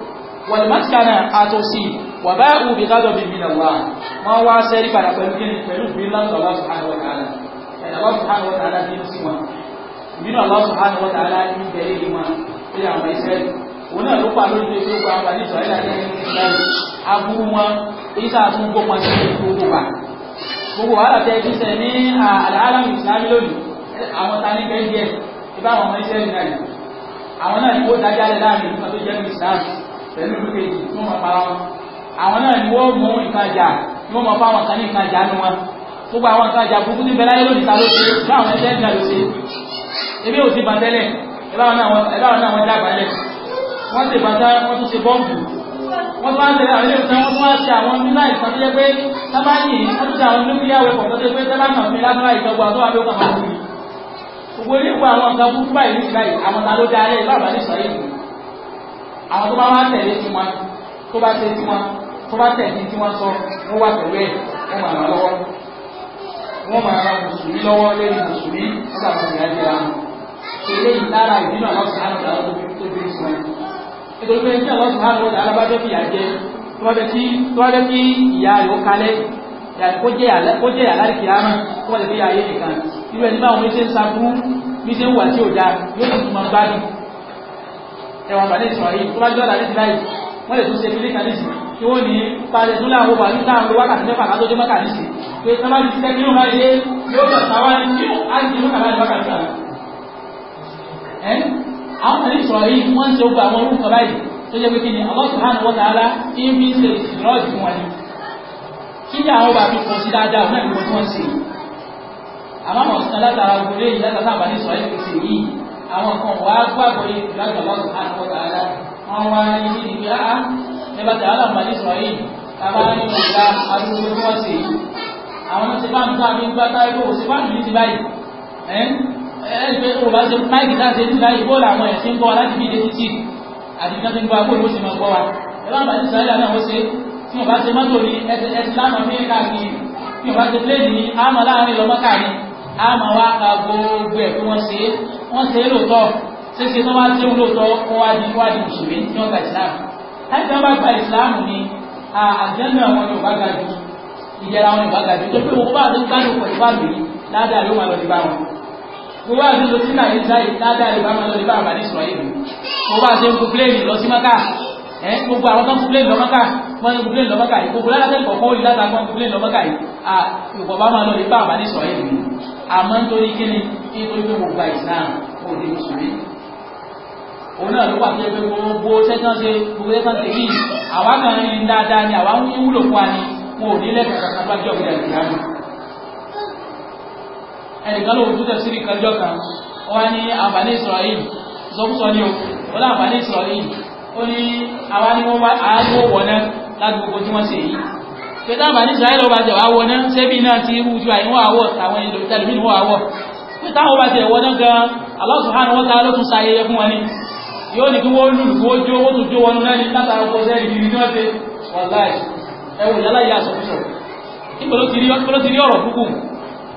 wàlùmọ́sánà àtòsí wà bá òbí gádọ̀ bí mìíràn wà wọ́n wá sẹ́rí padà pẹ̀lú kí pẹ̀lú bí lọ́sọ̀ Allah subhanahu wa ta'ala ẹ̀nà Allah subhanahu wa ta'ala bí sí wọn ìbínú àwọn ìṣẹ́lẹ̀ òun náà ọmọ ìṣẹ́lẹ̀ náà àwọn náà ni ó dájálẹ̀ láàrin ìgbà tó jẹ́ ìsìlámù pẹ̀lú ìlú kejì tí wọ́n máa para wọn àwọn náà ni wọ́n mú ìtajà ni wọ́n máa fa àwọn kan ní ìtajà nu wọn gbogbo àwọn ìtajà burúkú ní bẹ́láyé lónìí ta ló ṣe bá àwọn ẹgbẹ́ ìjà ló ṣe ebi ò ti bàtẹ́lẹ̀ ẹ náà wọn dàgbà lẹ̀ wọ́n ti bàtà wọ́n tún ṣe bọ́ǹbù wọ́n bá ń tẹ̀lé àwọn ilé ìfẹ́ wọ́n wá ṣe àwọn nílá ìfọ́n tó jẹ́ pé sábà wọ́n tún ṣe àwọn nuclear weapon tó jẹ́ pé sábà náà fi lágbára ìjọba tó wà ló kà máa wù mí. gbogbo ilé ìwé àwọn nǹkan burúkú báyìí ní ìgbà yìí àwọn ta ló dá alẹ́ ìlú àbálẹ̀ sọ̀rọ̀ yìí àwọn tó bá wá tẹ̀lé tí tó bá tẹ̀lé tí tó bá tẹ̀lé tí sọ wọn wà pẹ̀lú ẹ̀ wọn máa ràn lọ́wọ́ wọn máa ràn mùsùlùmí lọ́wọ́ lórí mùsùlùmí wọn máa ràn ìyájẹ́ ra wọn. èlé ìlara ìbínú àwọn sàánù làwọn tó fi sùn ẹ̀. nítorí pé ní àwọn sàánù wọn làwọn bá fẹ́ fi ìyà jẹ tó bá fẹ́ kí ìyá rẹ̀ ó kalẹ̀ kó jẹ́ àlárìkì ayé nìkan irú ẹni báwọn mi ṣe ń mi ṣe ń wà tí ò yóò tún máa gbádùn ẹwà bàdé ìsọ̀rí tó bá jọ́dá ní ìsìláì wọ́n lè tún ṣe kílé kàdísì tí wọ́n ní pàdé tún láwọn wà nígbà àwọn wákàtí mẹ́fà látó jẹ́ mọ́kàdísì pé tọ́lá ti tẹ́ nínú máa yé yóò lọ sáwá ní àti tó jẹ́ pé kí ni Allah subhanahu wa ta'ala ibi ṣe ìrọ́ọ̀dì fún wọn ni kí ni àwọn bàbí kan sí dáadáa náà ni tún ṣe àmọ́ àwọn ọ̀sán látara gbogbo eléyìí látara àbáníṣọ́ ẹ̀ àwọn kan wá gbàgbọ́ yìí láti ọlọ́run àtọ́ tààrà wọn wá ní ah, ní ìgbé àá nígbà tí àwọn àmàlí sọ yìí tábà ní ìgbà arúgbó tí wọ́n sì yìí àwọn ti bá ń tó àbí gbá táyé kó òsì fáàmì yìí ti báyìí ẹ ẹ pé òwò àti máìkì náà ṣe ti báyìí bóòlù àwọn ẹ̀sìn ń bọ̀ láti bí ìdẹ́sí tì àti ìdíjọ́ ti ń gbọ́ agbóòlù ó sì máa gbọ́ wa ẹ̀rọ àmàlí sọ yìí àwọn ṣe tí wọ́n bá ṣe mọ́tò ní ẹsẹ̀ a máa wá ka gbogbo ẹ̀ kí wọ́n ṣe é wọ́n ṣe é lóòótọ́ ṣéṣe tó bá ṣe é lóòótọ́ wọ́n wá di wá di mùsùlùmí tí wọ́n gba ìsìláàmù láti wọ́n bá gba ìsìláàmù ni àjẹ́nu àwọn Yorùbá ga jù ìjẹra àwọn Yorùbá ga jù tó pé òkú bá àti gbádùn pọ̀ ìbá mi ládàá ló máa lọ dìbà wọn gbogbo àti lọ sí nàìjíríà ládàá ló máa lọ dìbà wọn bá ní sọ̀rọ̀ yìí gbogbo àti ẹ eh, gbogbo àwọn tó ń kúlé lọ́mọ́kà wọ́n ń kúlé lọ́mọ́kà yìí gbogbo lára tẹ́lẹ̀ kọ̀ọ̀kan òyìnbá ta wọ́n ń kúlé lọ́mọ́kà yìí à ìwọ̀n bá máa lọ ní báwa ní sọ̀rọ̀ yìí àmọ́ nítorí kíni nítorí pé mo gba Islam mo di mùsùlùmí òun náà ló wà pé pé gbogbo sẹ́kàn ṣe gbogbo sẹ́kàn ṣe yìí àwa kan ní dáadáa ni àwa ń wúlò fún wa ni mo ò ní lẹ́kọ̀ọ́ kan bá jọ̀ gbìyànjú ìyáàmù Israel ìsọkúsọ ni o wọ́n ní Israel ó ní àwa ni wọ́n wá àágbó wọ̀ná lágbogbo tí wọ́n ṣe yìí pé táwọn ní Israẹli ọba jẹ̀ wá wọná sẹ́bí náà ti rú ju àìwọ̀n àwọ̀ àwọn ẹlòmíì wọ́n àwọ̀ pé táwọn ọba jẹ̀ wọná gan Allah subhanahu wa ta'ala ló tún sayẹyẹ fún wọn ni yóò ní kí wọ́n lùlù kí wọ́n jó wọ́n tún jó wọn náà ní látara ọkọ̀ sẹ́yìn ìrírí ní wọ́n ṣe wàláì ẹwù yálà ìyá sọ̀kúsọ̀ ìpoló ti rí ọ̀rọ̀ kúkú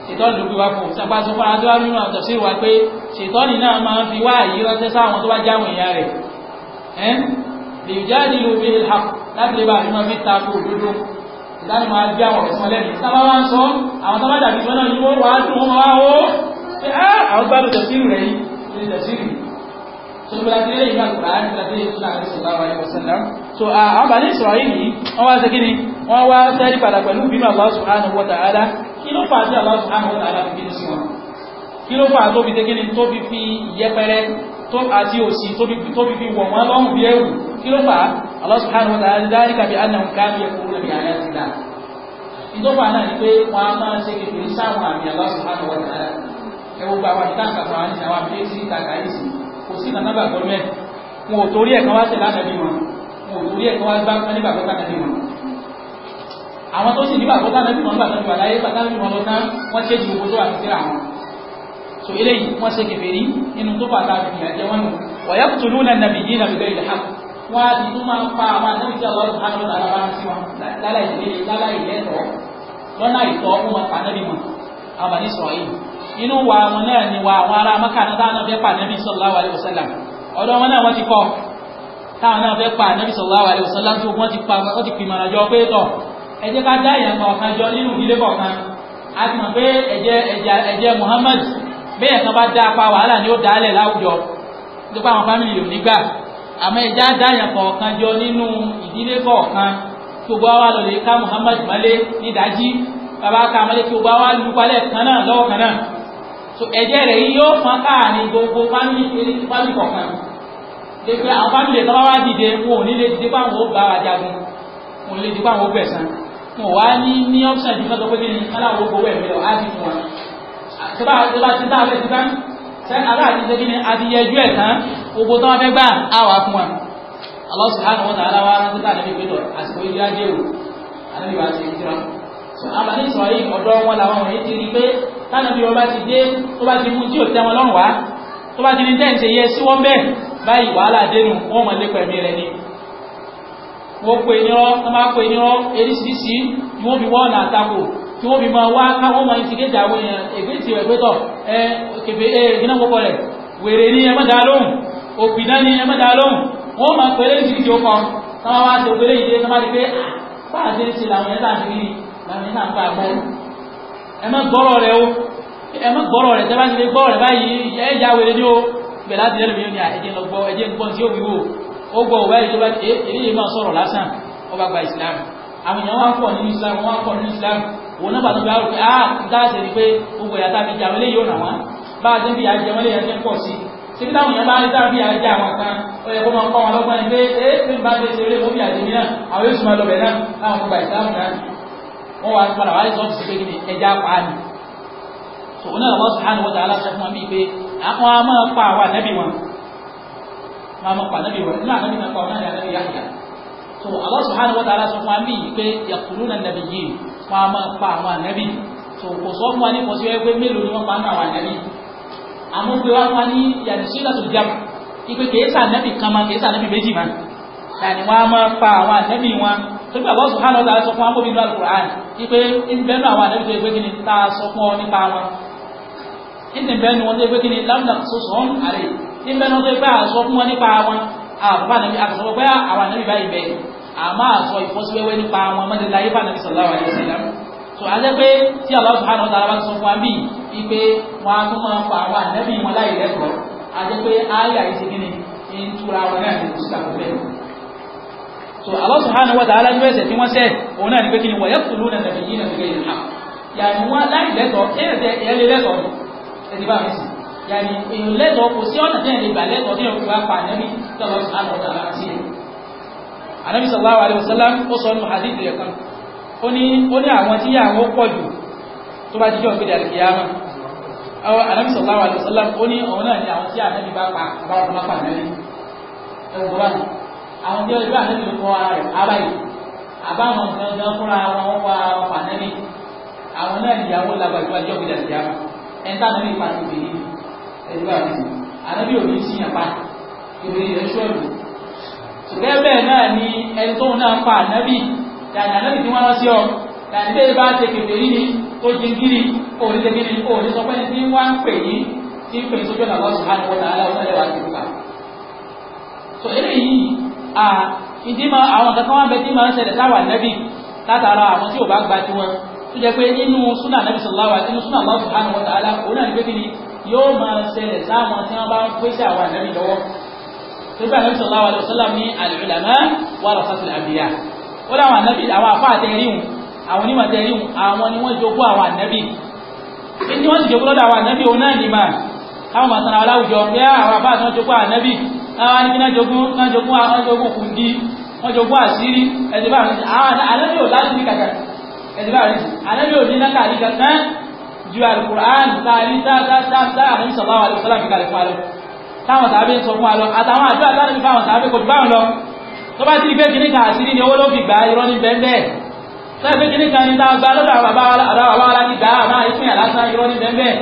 ṣètọ́nì ló fi wá fún ṣàpá sọ fún adúlárú náà tọ̀síwá pé ṣètọ́nì náà máa ń fi wá àyíráṣẹ́ sáwọn tó bá jáwọn èèyàn rẹ̀ lè jáde ló bí ilha láti lè bá àdúgbò fi ta kó òdodo ìdáni máa gbé àwọn ọ̀sán lẹ́nu sábà wá ń sọ àwọn sábà dàbí ìwọ náà ni wọ́n wá dùn wọ́n wá wó pé á àwọn gbádùn tẹ̀síìrì rẹ̀ yìí ní tẹ̀síìrì so nígbà tí lẹ́yìn náà kùrà nígbà tí lẹ́yìn náà ní sọ̀rọ̀ àwọn ẹ̀wọ̀n sẹ́lẹ̀ so àwọn bàní sọ̀rọ̀ yìí ni wọ́n wá sẹ́kí ni wọ́n wá sẹ́rí padà pẹ̀lú bínú Allah subhanahu wa ta'ala kí ló fà á sí Allah subhanahu wa ta'ala fi bí sí wọn kí ló fà á tó fi sẹ́kí ni tó fi fi yẹpẹrẹ àti òsì tó fi fi wọ̀n wọn lọ́rùn bí ẹ̀wù kí ló fà á Allah subhanahu wa ta'ala dhalika bi annahum kanu yakfuruna bi ayatina ìtọ́fà náà ni pé wọ́n á máa ṣe kékeré sáwọn àmì Allah subhanahu wa ta'ala ẹ̀wọ̀n gba àwọn ìtàn kàfà wọn ní àwọn àmì èsì ìtàkà èsì kò sí ìtàn náà gbàgbọ́ mẹ́ wọn ò torí ẹ̀kan wá sí lánàá bí wọn wọn ò àwọn tó so eléyìí wọ́n ṣe kèfèrí inú tó fà tá a fi àjẹ wọn nù wa yaqtuluna an-nabiyyina bighayri al-haqq wọ́n á ti tún máa pa àwọn ànábì tí Allah subhanahu wa ta'ala bá ń sí wọn láláì lélẹ̀ láláì lẹ́tọ̀ọ́ lọ́nà ìtọ́ fún wọn pa ànábì mọ̀ àwọn àní sọ̀rọ̀ yìí inú wa wọn náà ni wa àwọn ará Mákà náà táwọn náà fẹ́ pa ká dá ìyàgbọ́ ọ̀kan nínú ìdílé kọ̀ọ̀kan a ti mọ̀ pé ẹ̀jẹ̀ ẹ̀jẹ̀ Muhammad bẹ́ẹ̀ kan bá dá apá wàhálà ni ó dálẹ̀ láwùjọ nípa àwọn fámìlì yòó nígbà àmọ́ ẹja dáyàn kọ̀ọ̀kan jọ nínú ìdílé kọ̀ọ̀kan gbogbo àwa lọ lè ká Muhammad malé nídàájí bàbá ká malé gbogbo àwa lùpalẹ̀ kan náà lọ́wọ́ kan náà so ẹ̀jẹ̀ rẹ̀ yìí yóò fọn káàrin gbogbo fámìlì kọ̀ọ̀kan gbogbo àwọn fámìlì tó bá wá dìde wọn ò ní lè dìde fáwọn ó bá wa jagun wọn ò lè dìde fáwọn ó gbẹ̀san wọn ò wá ní ní ọ́pṣàn ìdíkọ́ tó pé kí ni aláwọ̀ tẹ́bá tẹ́bá ti dá abẹ́ ti bá ṣe aláàbí ṣe kí ni adìyẹjú ẹ̀ tán gbogbo tó wọn fẹ́ gbà á wà fún wọn. Allah subhanahu wa ta'ala wa rántí tá àdébí pé lọ àsìkò ìdí ajé o àdébí wa ti ń jira. sọ abàní sọ̀rọ̀ yìí ọ̀dọ́ wọn làwọn wọ̀nyí ti rí pé tánàbí wọn bá ti dé tó bá ti mú tí ò tẹ́ wọn lọ́rùn wá tó bá ti ní tẹ́ǹtẹ̀ yẹ sí wọn bẹ́ẹ̀ báyìí wàhálà dénú wọn mọ̀ lé pẹ̀mí rẹ ni wọ́n pe nírọ́ wọ́n máa pe nírọ́ eríṣiríṣi ni wọ́n fi wọ́n nà àtakò tí wọ́n fi máa wá káwọn máa ń ti géjà àwọn èèyàn ègbé tí ẹ̀gbẹ́ tọ̀ ẹ kẹfẹ́ ẹ ìgbìnà púpọ̀ rẹ̀ wèrè ní ẹmẹ́dàá lóhùn òpìdá ní ẹmẹ́dàá lóhùn wọ́n máa pẹ̀lẹ́ sí ìjọ kan táwọn wá ti òpèlè ìdílé tó má di pé ah, báà ṣe ń ṣe làwọn ẹ̀dá ti rí làwọn ẹ̀dá ń gbà bọ́ ẹ má gbọ́rọ̀ rẹ̀ o ẹ má gbọ́rọ̀ rẹ̀ tẹ́ bá ti lè gbọ́rọ̀ rẹ̀ báyìí ẹ jà wèrè ní o bẹ̀ láti lẹ́nu mi ní ah, ẹ̀jẹ̀ lọ gbọ́ ẹ̀jẹ̀ gbọ́n tí ó wí wò ó gbọ́ òwá ìjọba èyí máa sọ̀rọ̀ lásán ọba gba òun náà bàtú bá rò pé ah dáàsì ni pé gbogbo ìyá tábí jà wọn lé yóò nà wọn bá a ti ń bí àjẹ wọn lé yẹn ti ń pọ̀ sí i síbi táwọn yẹn bá ń tábí àjẹ àwọn kan ó yẹ kó máa kọ́ wọn lọ́gbọ́n ni pé ẹ bí bá ti ṣe eré mọ́bí àjẹ mi náà àwọn èso máa lọbẹ̀ náà láwọn gbogbo ìsáàmù náà wọ́n wá so Allah subhanahu wa ta'ala sọ fún wa bí pé yaqtuluna nabiyyin wọn a máa pa àwọn ànábì so kò sọ fún wa ní kòsí wẹ́ẹ́ pé mélòó ni wọ́n pa àwọn ànábì àmọ́ pé wọ́n wá ní yàtúnṣe láti jàm ipe kèésà ànábì kan máa kèésà ànábì méjì máa tàní wọ́n a máa àwọn ànábì wọn torí Allah subhanahu wa ta'ala sọ fún wa bóbi ní al-Qur'an ipe ìbẹ́nu àwọn ànábì tó yẹ pé kí ni ta sọ fún ọ nípa wọn ìbẹ́nu wọn tó yẹ pé kí ni lamna soson àrè ìbẹ́nu wọn tó àtàwọn pé àwọn ànábì báyìí bẹ́ẹ̀ àmọ́ àsọ ìfọ́síwẹ́wẹ́ nípa àwọn ọmọdé láyé bá nàbí sallallahu alaihi wasallam so a jẹ́ pé tí Allah subhanahu wa ta'ala bá sọ fún wa bíi ipe wọn a tún máa fa àwọn ànábì wọn láì lẹ́kọ̀ọ́ a jẹ́ pé ayé àìsí kí ni ń túra wọn náà ní oṣù tàbí bẹ́ẹ̀ so Allah subhanahu wa ta'ala ní ẹsẹ̀ tí wọ́n sẹ́ òun náà ní pé kí ni wa yaqtuluna nabiyyina bighayri al-haqq yàní wọn láì lẹ́kọ̀ọ́ ẹ̀ẹ́dẹ̀ ẹ̀ẹ́lẹ́ lẹ́kọ̀ọ́ ẹ̀dí bá mi sì yàní èèyàn lẹ́kọ̀ọ́ kò sí ọ̀nà tí Ànábì sallallahu alaihi wasallam ó sọ nínú hadith rẹ̀ kan ó ní àwọn tí àwọn ó pọ̀ jù tó bá jíjọ́ gbé dàrí kìyàmà Ànábì sallallahu alaihi wasallam ó ní ọ̀hún náà ni àwọn tí Ànábì bá pa bá wọn pa mẹ́rin ẹ̀wọ̀n bá àwọn tí ó bá Ànábì kọ́ ara rẹ̀ abáyé àbáwọn gangan gẹ́gẹ́ náà ni ẹni tóun náà pa ànábì yàtọ̀ ànábì tí wọ́n rán sí ọ yàtọ̀ bẹ́ẹ̀ bá ṣe kèfè rí ni tó jí gírì ó ní tẹ́gí ni ó ní sọ pé ní wá ń pè yí tí ń pè ní sójú ọ̀nà lọ́sùn àti wọ́n tààlà ọ̀sán lẹ́wà sí ìgbà. tó eléyìí à ìdí máa àwọn nǹkan kan wá bẹ tí máa ń ṣẹlẹ̀ sáwà nẹ́bì látara àwọn tí ò bá gba tiwọn tó jẹ́ pé inú súnà nẹ́bì sallallahu alaihi inú súnà lọ́sùn àti wọ́n tààlà òun ni yóò máa ṣẹlẹ̀ sáwọn tí wọ́n bá ń pèsè àwọn nẹ́bì síbẹ̀ ní sallallahu alaihi wasallam ní al-ulama warasatul anbiya ó láwọn ànábì àwọn afọ àtẹríhùn àwọn onímọ̀ àtẹríhùn àwọn ni wọ́n jogún àwọn ànábì ní wọ́n sì jogún lọ́dọ̀ àwọn ànábì òun náà nìmọ̀ káwọn máa sanra aláwùjọ pé àwọn afọ àti wọn jogún ànábì àwọn ní náà jogún náà jogún àwọn jogún kùndí wọn jogún àṣírí ẹ̀dẹ̀bà ànábì ò láti ní kàkà ẹ̀dẹ̀bà ànábì ò ní náà kàrí kankan ju alukur'an tààrí tààrí tààrí táwọn sàábé ń sọ fún wa lọ àtàwọn àdúrà táwọn fáwọn sàábé kò báwọn lọ tó bá ti rí pé kìnnìkan àṣírí ni owó ló fi gbà irọ́ ní bẹ́ẹ̀ sọ́yìn pé kìnnìkan ni táwọn gba lọ́dọ̀ àwọn bàbá wa láti gbà àmọ́ ìpín àlásán irọ́ ní bẹ́ẹ̀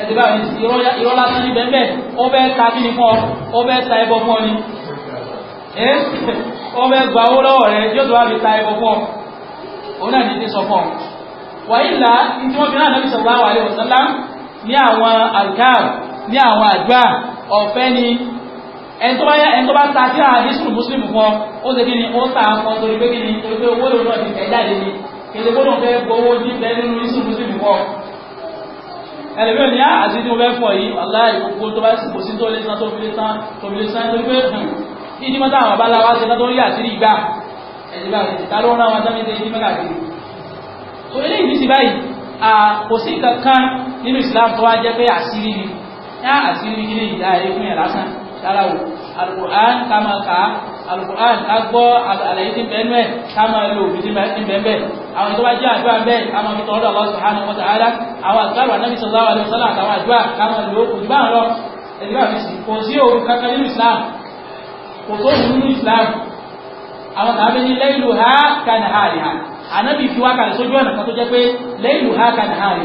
ẹ̀sìn bá mi irọ́ lásán ní bẹ́ẹ̀ ó fẹ́ ta kí ni fún ọ ó fẹ́ ta ẹbọ fún ọ ni ó fẹ́ gba owó lọ́wọ́ rẹ yóò tó wá fi ta ẹbọ fún ọ òun náà àwọn àlùkáà ọ̀fẹ́ ni ẹni tó bá yá ẹni tó bá ta tíra àdísùn mùsùlùmù fọ ó ṣe kí ni ó tà á fọ torí pé kí ni torí pé owó lòun náà ti fẹ́ jáde ni kèdè gbọ́dọ̀ fẹ́ gbowó ní bẹ́ẹ̀ nínú àdísùn mùsùlùmù fọ. ẹlẹ́mìíràn ní ah, àti tí mo fẹ́ fọ yìí aláì gbogbo tó bá kò sí tó lé san tó fi lé san tó fi lé san torí pé ìdí hmm, mọ́tà àwọn bàbá wa ṣe tó rí àṣírí ìgbà ẹ̀dínlá ta ló rán wọn sáfẹ́ ìdí mẹ́ta àti so eléyìí ti báyìí kò sí kankan nínú ṣá àti rí kí ní ìdá ayé fún yẹn lásán sára wò alukur'an ká máa kà á alukur'an ká gbọ́ àlàyé ti bẹ́ẹ̀ mẹ́ẹ̀ ká máa lo òbí ti bẹ́ẹ̀ bẹ́ẹ̀ àwọn ìjọba jẹ́ àdúrà bẹ́ẹ̀ ká máa fi tọ́ ọ́dọ̀ Allah subhanahu wa ta'ala àwọn àgbàrò anábì sallallahu alaihi wasallam àtàwọn àdúrà ká máa lo òbí bá ń lọ ẹ̀dùnà fi sì kò sí òru kankan nínú Islam kò tó òru Islam àwọn tàbí ní lẹ́yìn lò ha kàn hàrì fi wákàtí sójú ọ̀nà kan tó jẹ́ pé lẹ́yìn lò ha kàn hàrì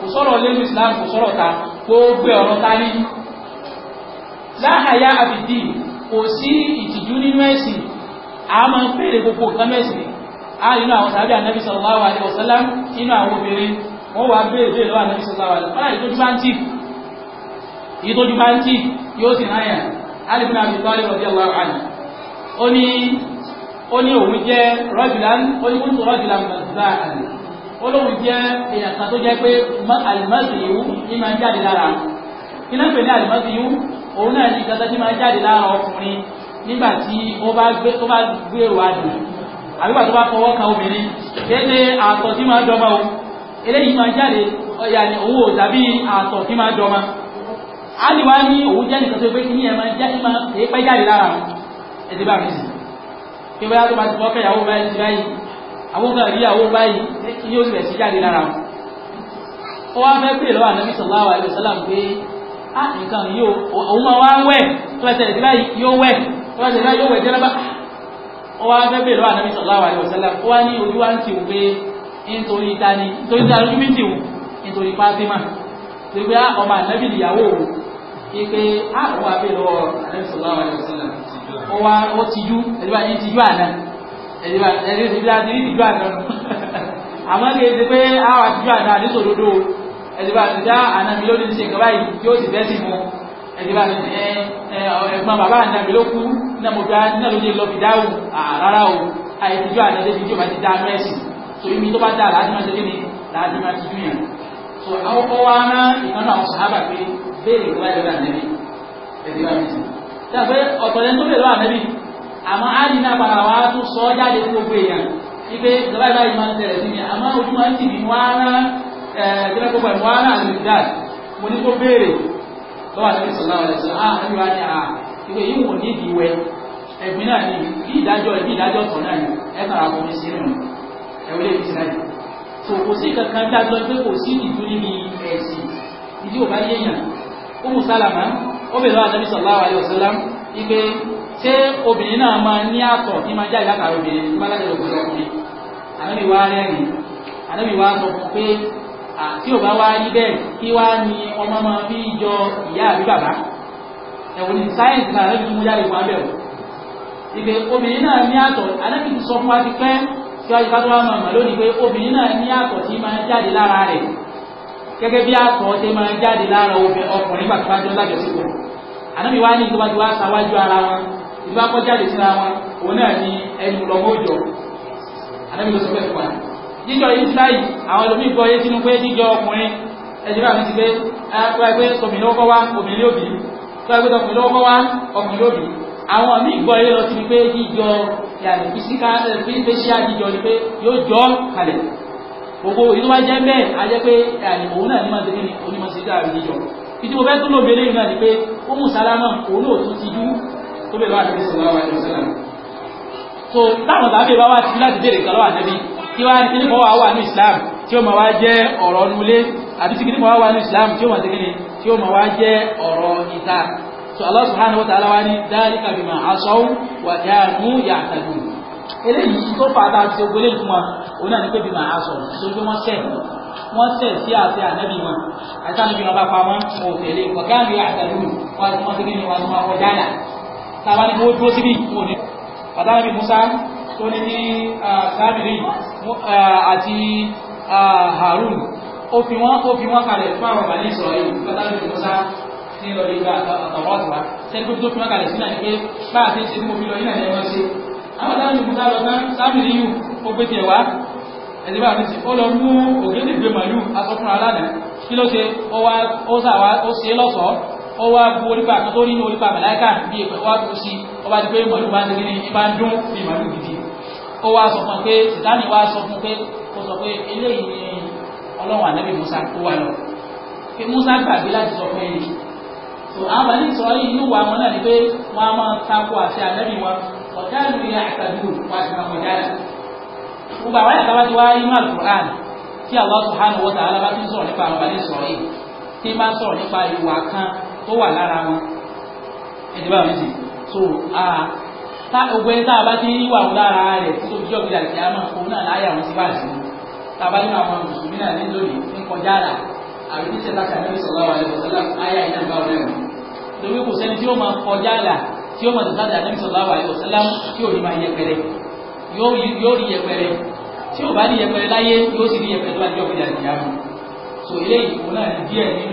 kò sọ̀rọ̀ lẹ́nu islam kò sọ̀rọ̀ ta gbogbo ọ̀rọ̀ ta ní láhàyà àbìdì kò sí ìtìjú nínú ẹ̀sìn a máa ń pèrè gbogbo nǹkan mẹ́sìn a inú àwọn tàbí ànábì sallallahu alaihi wasallam inú àwọn obìnrin wọ́n wá béèrè béèrè sallallahu alaihi wasallam ìtọ́jú bá ń tì ìtọ́jú bá ń tì yóò sì náyà alìbìnà àbí tọ́lẹ̀ radiyallahu anhu ó ní òun jẹ́ rajulan ó ní kúntù rajulan mọ̀tàlá àná olóhùn jẹ́ èèyàn kan tó jẹ́ pé alimasiyu ní máa ń jáde lára kí náà pè ní alimasiyu òun náà ní gàdá tí máa ń jáde lára ọkùnrin nígbà tí ó bá gbèrò adùn àbígbà tó bá fọwọ́ kan obìnrin kéde àtọ̀ tí máa ń dọ́gba o eléyìí máa ń jáde ọ̀yà ni òun ò dàbí àtọ̀ tí máa ń aliwa ní òun jẹ́ nìkan tó pé kí ní ẹ̀ máa jáde máa ń jáde lára ẹ̀dí mi sì kí wọ́n yá tó bá ti fọ́ kẹ́yàwó báyìí àwọn kan rí àwọn báyìí ní ó sì rẹ̀ sí jáde lára wọn ó wá fẹ́ pè lọ́wọ́ ànábì sallallahu alaihi wasallam pé á ah, nǹkan yóò òun máa wá ń wẹ̀ tó bá tẹ̀lé báyìí yóò wẹ̀ tó bá tẹ̀lé báyìí yóò wẹ̀ jẹ́lẹ́bà ó wá fẹ́ pè lọ́wọ́ ànábì sallallahu alaihi wasallam ó wá ní ojú wa ń tì wù pé nítorí ta ni nítorí ta lójú mi ń tì wù nítorí Fátímà torí pé ah, ọmọ ànábì nìyàwó òun kí pé á ah, òun wá lọ́wọ́ ànábì sallallahu alaihi wasallam ó wá ó tijú ẹ̀dí ẹ̀dí bá ẹ̀dí ti bí adìrí ìdìbò àdánù àmọ́ kì í ṣe pé àwọn àdìbò àdán àdìsòdodo ẹ̀dí bá ti dá ànàmì ló ní ṣe nǹkan báyìí yóò sì bẹ́ sí mu ẹ̀dí bá ti ẹ ẹ̀gbọ́n bàbá ànàmì ló kú náà mo gba náà ló yẹ lọ fi dáhùn àrárá o àìsíjú àdán débi tí bá ti dá mẹ́sì so ibi tó bá dá láti máa ṣe kí ni láti máa ti dùn yàn so àwọn kọ́ wa ná ìkànnì àwọn sàhábà pé béèrè àmọ́ áàdì náà padà wá tún sọ ọ́ jáde fún gbogbo èèyàn ipe ìjọba ìbáyìí máa ń tẹ̀lé sí mi àmọ́ ojú máa ń tì mí wá rán ẹ̀ẹ́dẹ́gbẹ́ gbogbo ẹ̀mí wá rán àlùdá mo ní kó béèrè lọ́wọ́ àti sọ̀lá ọ̀rẹ́ sọ ah ẹ̀mí wá ní à ah, ìwé yìí wò ní ìdíwẹ́ ẹ̀mí náà ní bí ìdájọ́ ẹ̀mí ìdájọ́ tọ̀ náà ní ẹ̀ kàn án fomi sínú ẹ̀wọ́ lè fi sílẹ̀ so kò sí kankan dájọ́ pé kò sí ìdú níbi ẹ̀sìn ìdí ò bá yéèyàn ó mú sálàmà ó bèèrè lọ́wọ́ àti sọ̀lá ọ̀rẹ́ sọ̀lá ṣé obìnrin náà máa ní àtọ̀ tí máa jáde látàrí obìnrin tí máa látàrí obìnrin ọkùnrin ànábì wá rẹ́rìn ànábì wá sọ fún pé àti ò bá wá rí bẹ́ẹ̀ kí wá ní ọmọ máa fi jọ ìyá àbí bàbá ẹ̀wọ̀n ní sáyẹ̀nsì náà ànábì tó mú jáde fún abẹ́rù ìgbé obìnrin náà ní àtọ̀ ànábì ti sọ fún wa ti pẹ́ tí wájú ká tó wá máa mà lónìí pé obìnrin náà ní àtọ̀ tí máa jáde lára rẹ̀ gẹ́gẹ́ bí àtọ̀ tí máa jáde lára ọkùnrin gbàgbọ́ àjọ lájọsíkò ànábì wá ní ìtọ́wájú wá sáwájú ara wọn ìbá kọjáde síra wọn òun náà ni ẹnu lọ́mọ òjò àdàbí ló sọ bẹ́ẹ̀ fún wa jíjọ yìí sáì àwọn ẹlòmíì gbọ́ yé sínú pé jíjọ ọkùnrin ẹjẹ bá mi ti pé ẹ pé tòmìnì ó kọ́ wá òmìnì òbí tó ẹ pé tòmìnì ó kọ́ wá ọkùnrin òbí àwọn míì gbọ́ yé lọ sí pé jíjọ yàrá fisika fíṣíà jíjọ ni pé yóò jọ kalẹ̀ gbogbo ìlú wa jẹ́ bẹ́ẹ̀ a jẹ́ pé yàrá òun náà ní máa tẹ́lẹ̀ onímọ̀ sí dáàbí jíjọ ìdí mo fẹ́ tún lóbi eléyìí náà ni pé ó mú sálámà òun náà tún ti dú tó lè bá àdébí sọ̀rọ̀ àwọn ẹ̀sìn náà. so táwọn tàbí bá wá ti láti béèrè kàlọ́ àdébí kí wá ní kíníkọ̀ wá wà ní Islam tí ó máa wá jẹ́ ọ̀rọ̀ nulé àbí tí kíníkọ̀ wá wà ní Islam tí ó máa tẹ́kẹ́ni tí ó máa wá jẹ́ ọ̀rọ̀ ìta. so Allah subhanahu wa ta'ala wá ní dhalika bima asaw wa kanu ya'tadun. eléyìí tó fà á ta ti gbélé fún wa òun náà ní pé bima asaw tó gbé wọn sẹ́ẹ̀ wọ́n tẹ̀ sí àti ànábì wọn àti ànábì wọn bá pa wọn wọn ò tẹ̀lé wọ́n gáàlì àtàlù wọn ti wọ́n ti gbé ni wọn ti máa wọ dáadáa tàbá ní owó dúró síbí wọn ni pàtàkì Musa tó ní ní kábìrì àti Harun ó fi wọ́n ó fi wọ́n kalẹ̀ fún àwọn bàbá ní ìsọ̀rọ̀ yìí pàtàkì Musa ní lọ ìgbà àtàwọn àtàwà sẹ́ni tó fi wọ́n kalẹ̀ sínú àti pé bá a ti ṣe ní mo fi lọ yìí náà ẹ̀ wọ́n ṣe àwọn tábìlì Musa lọ tán tábìlì yìí ó gbé tiẹ̀ wá ẹ̀dí bá mi sì ó lọ mú ògédègbè màlúù aṣọ fún kí ló ṣe ó wá ó ṣe lọ́sọ̀ọ́ ó wá bu orípa kan tó rí ní orípa màláìka bí ìpẹ́ wá kú sí ó bá di pé màlúù bá ń digi ní ibà ń dún bí màlúù gidi ó wá sọ fún pé sìtáni wá sọ fún pé ó sọ pé eléyìí ni ọlọ́run ànábì Musa kó wá lọ pé Musa gbàgbé láti sọ fún ẹni tó àwọn àlè sọ yìí inú wa wọn náà ni pé wọn á máa takò àti ànábì wọn ọ̀dà ìlú yẹn àtàdúró wọn àti àwọn ọ̀dà rẹ̀ gbogbo àwọn àyàtọ̀ bá ti wá inú Al-Qur'an tí Allah subhanahu wa ta'ala bá ti ń sọ̀rọ̀ nípa àwọn àlè sọ yìí tí máa ń sọ̀rọ̀ nípa ìwà kan tó wà lára wọn ẹ̀dẹ̀ báwọn sì a tá gbogbo ẹni tá a bá ti rí wà lára rẹ̀ tó bí ọ̀gbìn àti àmọ́ òun náà láyà wọn ti bá sí tá a bá nínú àwọn mùsùlùmí náà ní lónìí ní kọjá àlà àbí ní sẹ́ńtà sàmẹ́lì sọ̀rọ̀ àwọn ẹ̀rọ sọ́lá ayé àyè náà bá wọn lẹ́nu lórí kò sẹ́ni tí ó máa kọjá àlà tí ó máa tẹ̀sán sàmẹ́lì sọ̀rọ̀ àwọn ẹ̀rọ sọ́lá tí ò ní máa yẹpẹrẹ yóò rí yẹpẹrẹ tí ò bá ní yẹpẹrẹ láyé yóò sì rí yẹpẹrẹ tó bá jẹ́ ọ̀gbìn àti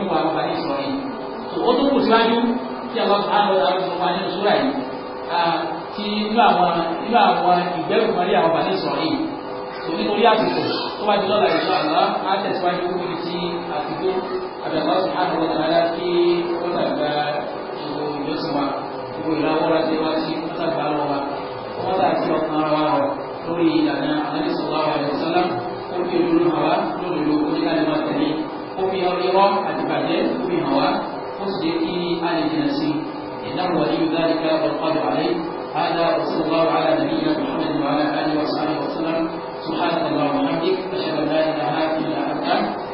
àmọ́ ó tó kù síwájú tí àwọn sùhánù ọ̀dà ló fún wa nínú súrà yìí tí inú àwọn inú àwọn ìgbẹ́rù kan rí àwọn bàbá ní sọ̀rọ̀ yìí tó nítorí àsìkò tó bá di lọ́la ìlú àlá á tẹ̀síwájú níbi tí àtìgbó àbẹ̀wò sùhánù ọ̀dà lọ́la kí ó dàgbà ìwò ìjọsìn wa ìwò ìlàwọ́ wa ti wá sí ọ̀dàgbà lọ́wọ́ wa wọ́n dà sí ọkàn ara wa rọ̀ lórí ìlànà àlẹ́ sọ̀rọ̀ àwọn ọ̀dọ́ ó fi olùrànwá lórí olùkọ́ nígbà tí wọ́n tẹ̀lé ó fi ọrẹ́ wọ́n àtìbàjẹ́ ó fi hàn wá ó sì jẹ́ إنه ولي ذلك والقادر عليه هذا وصلى الله على نبينا محمد وعلى آله وصحبه وسلم سبحانك اللهم وبحمدك أشهد أن لا إله إلا أنت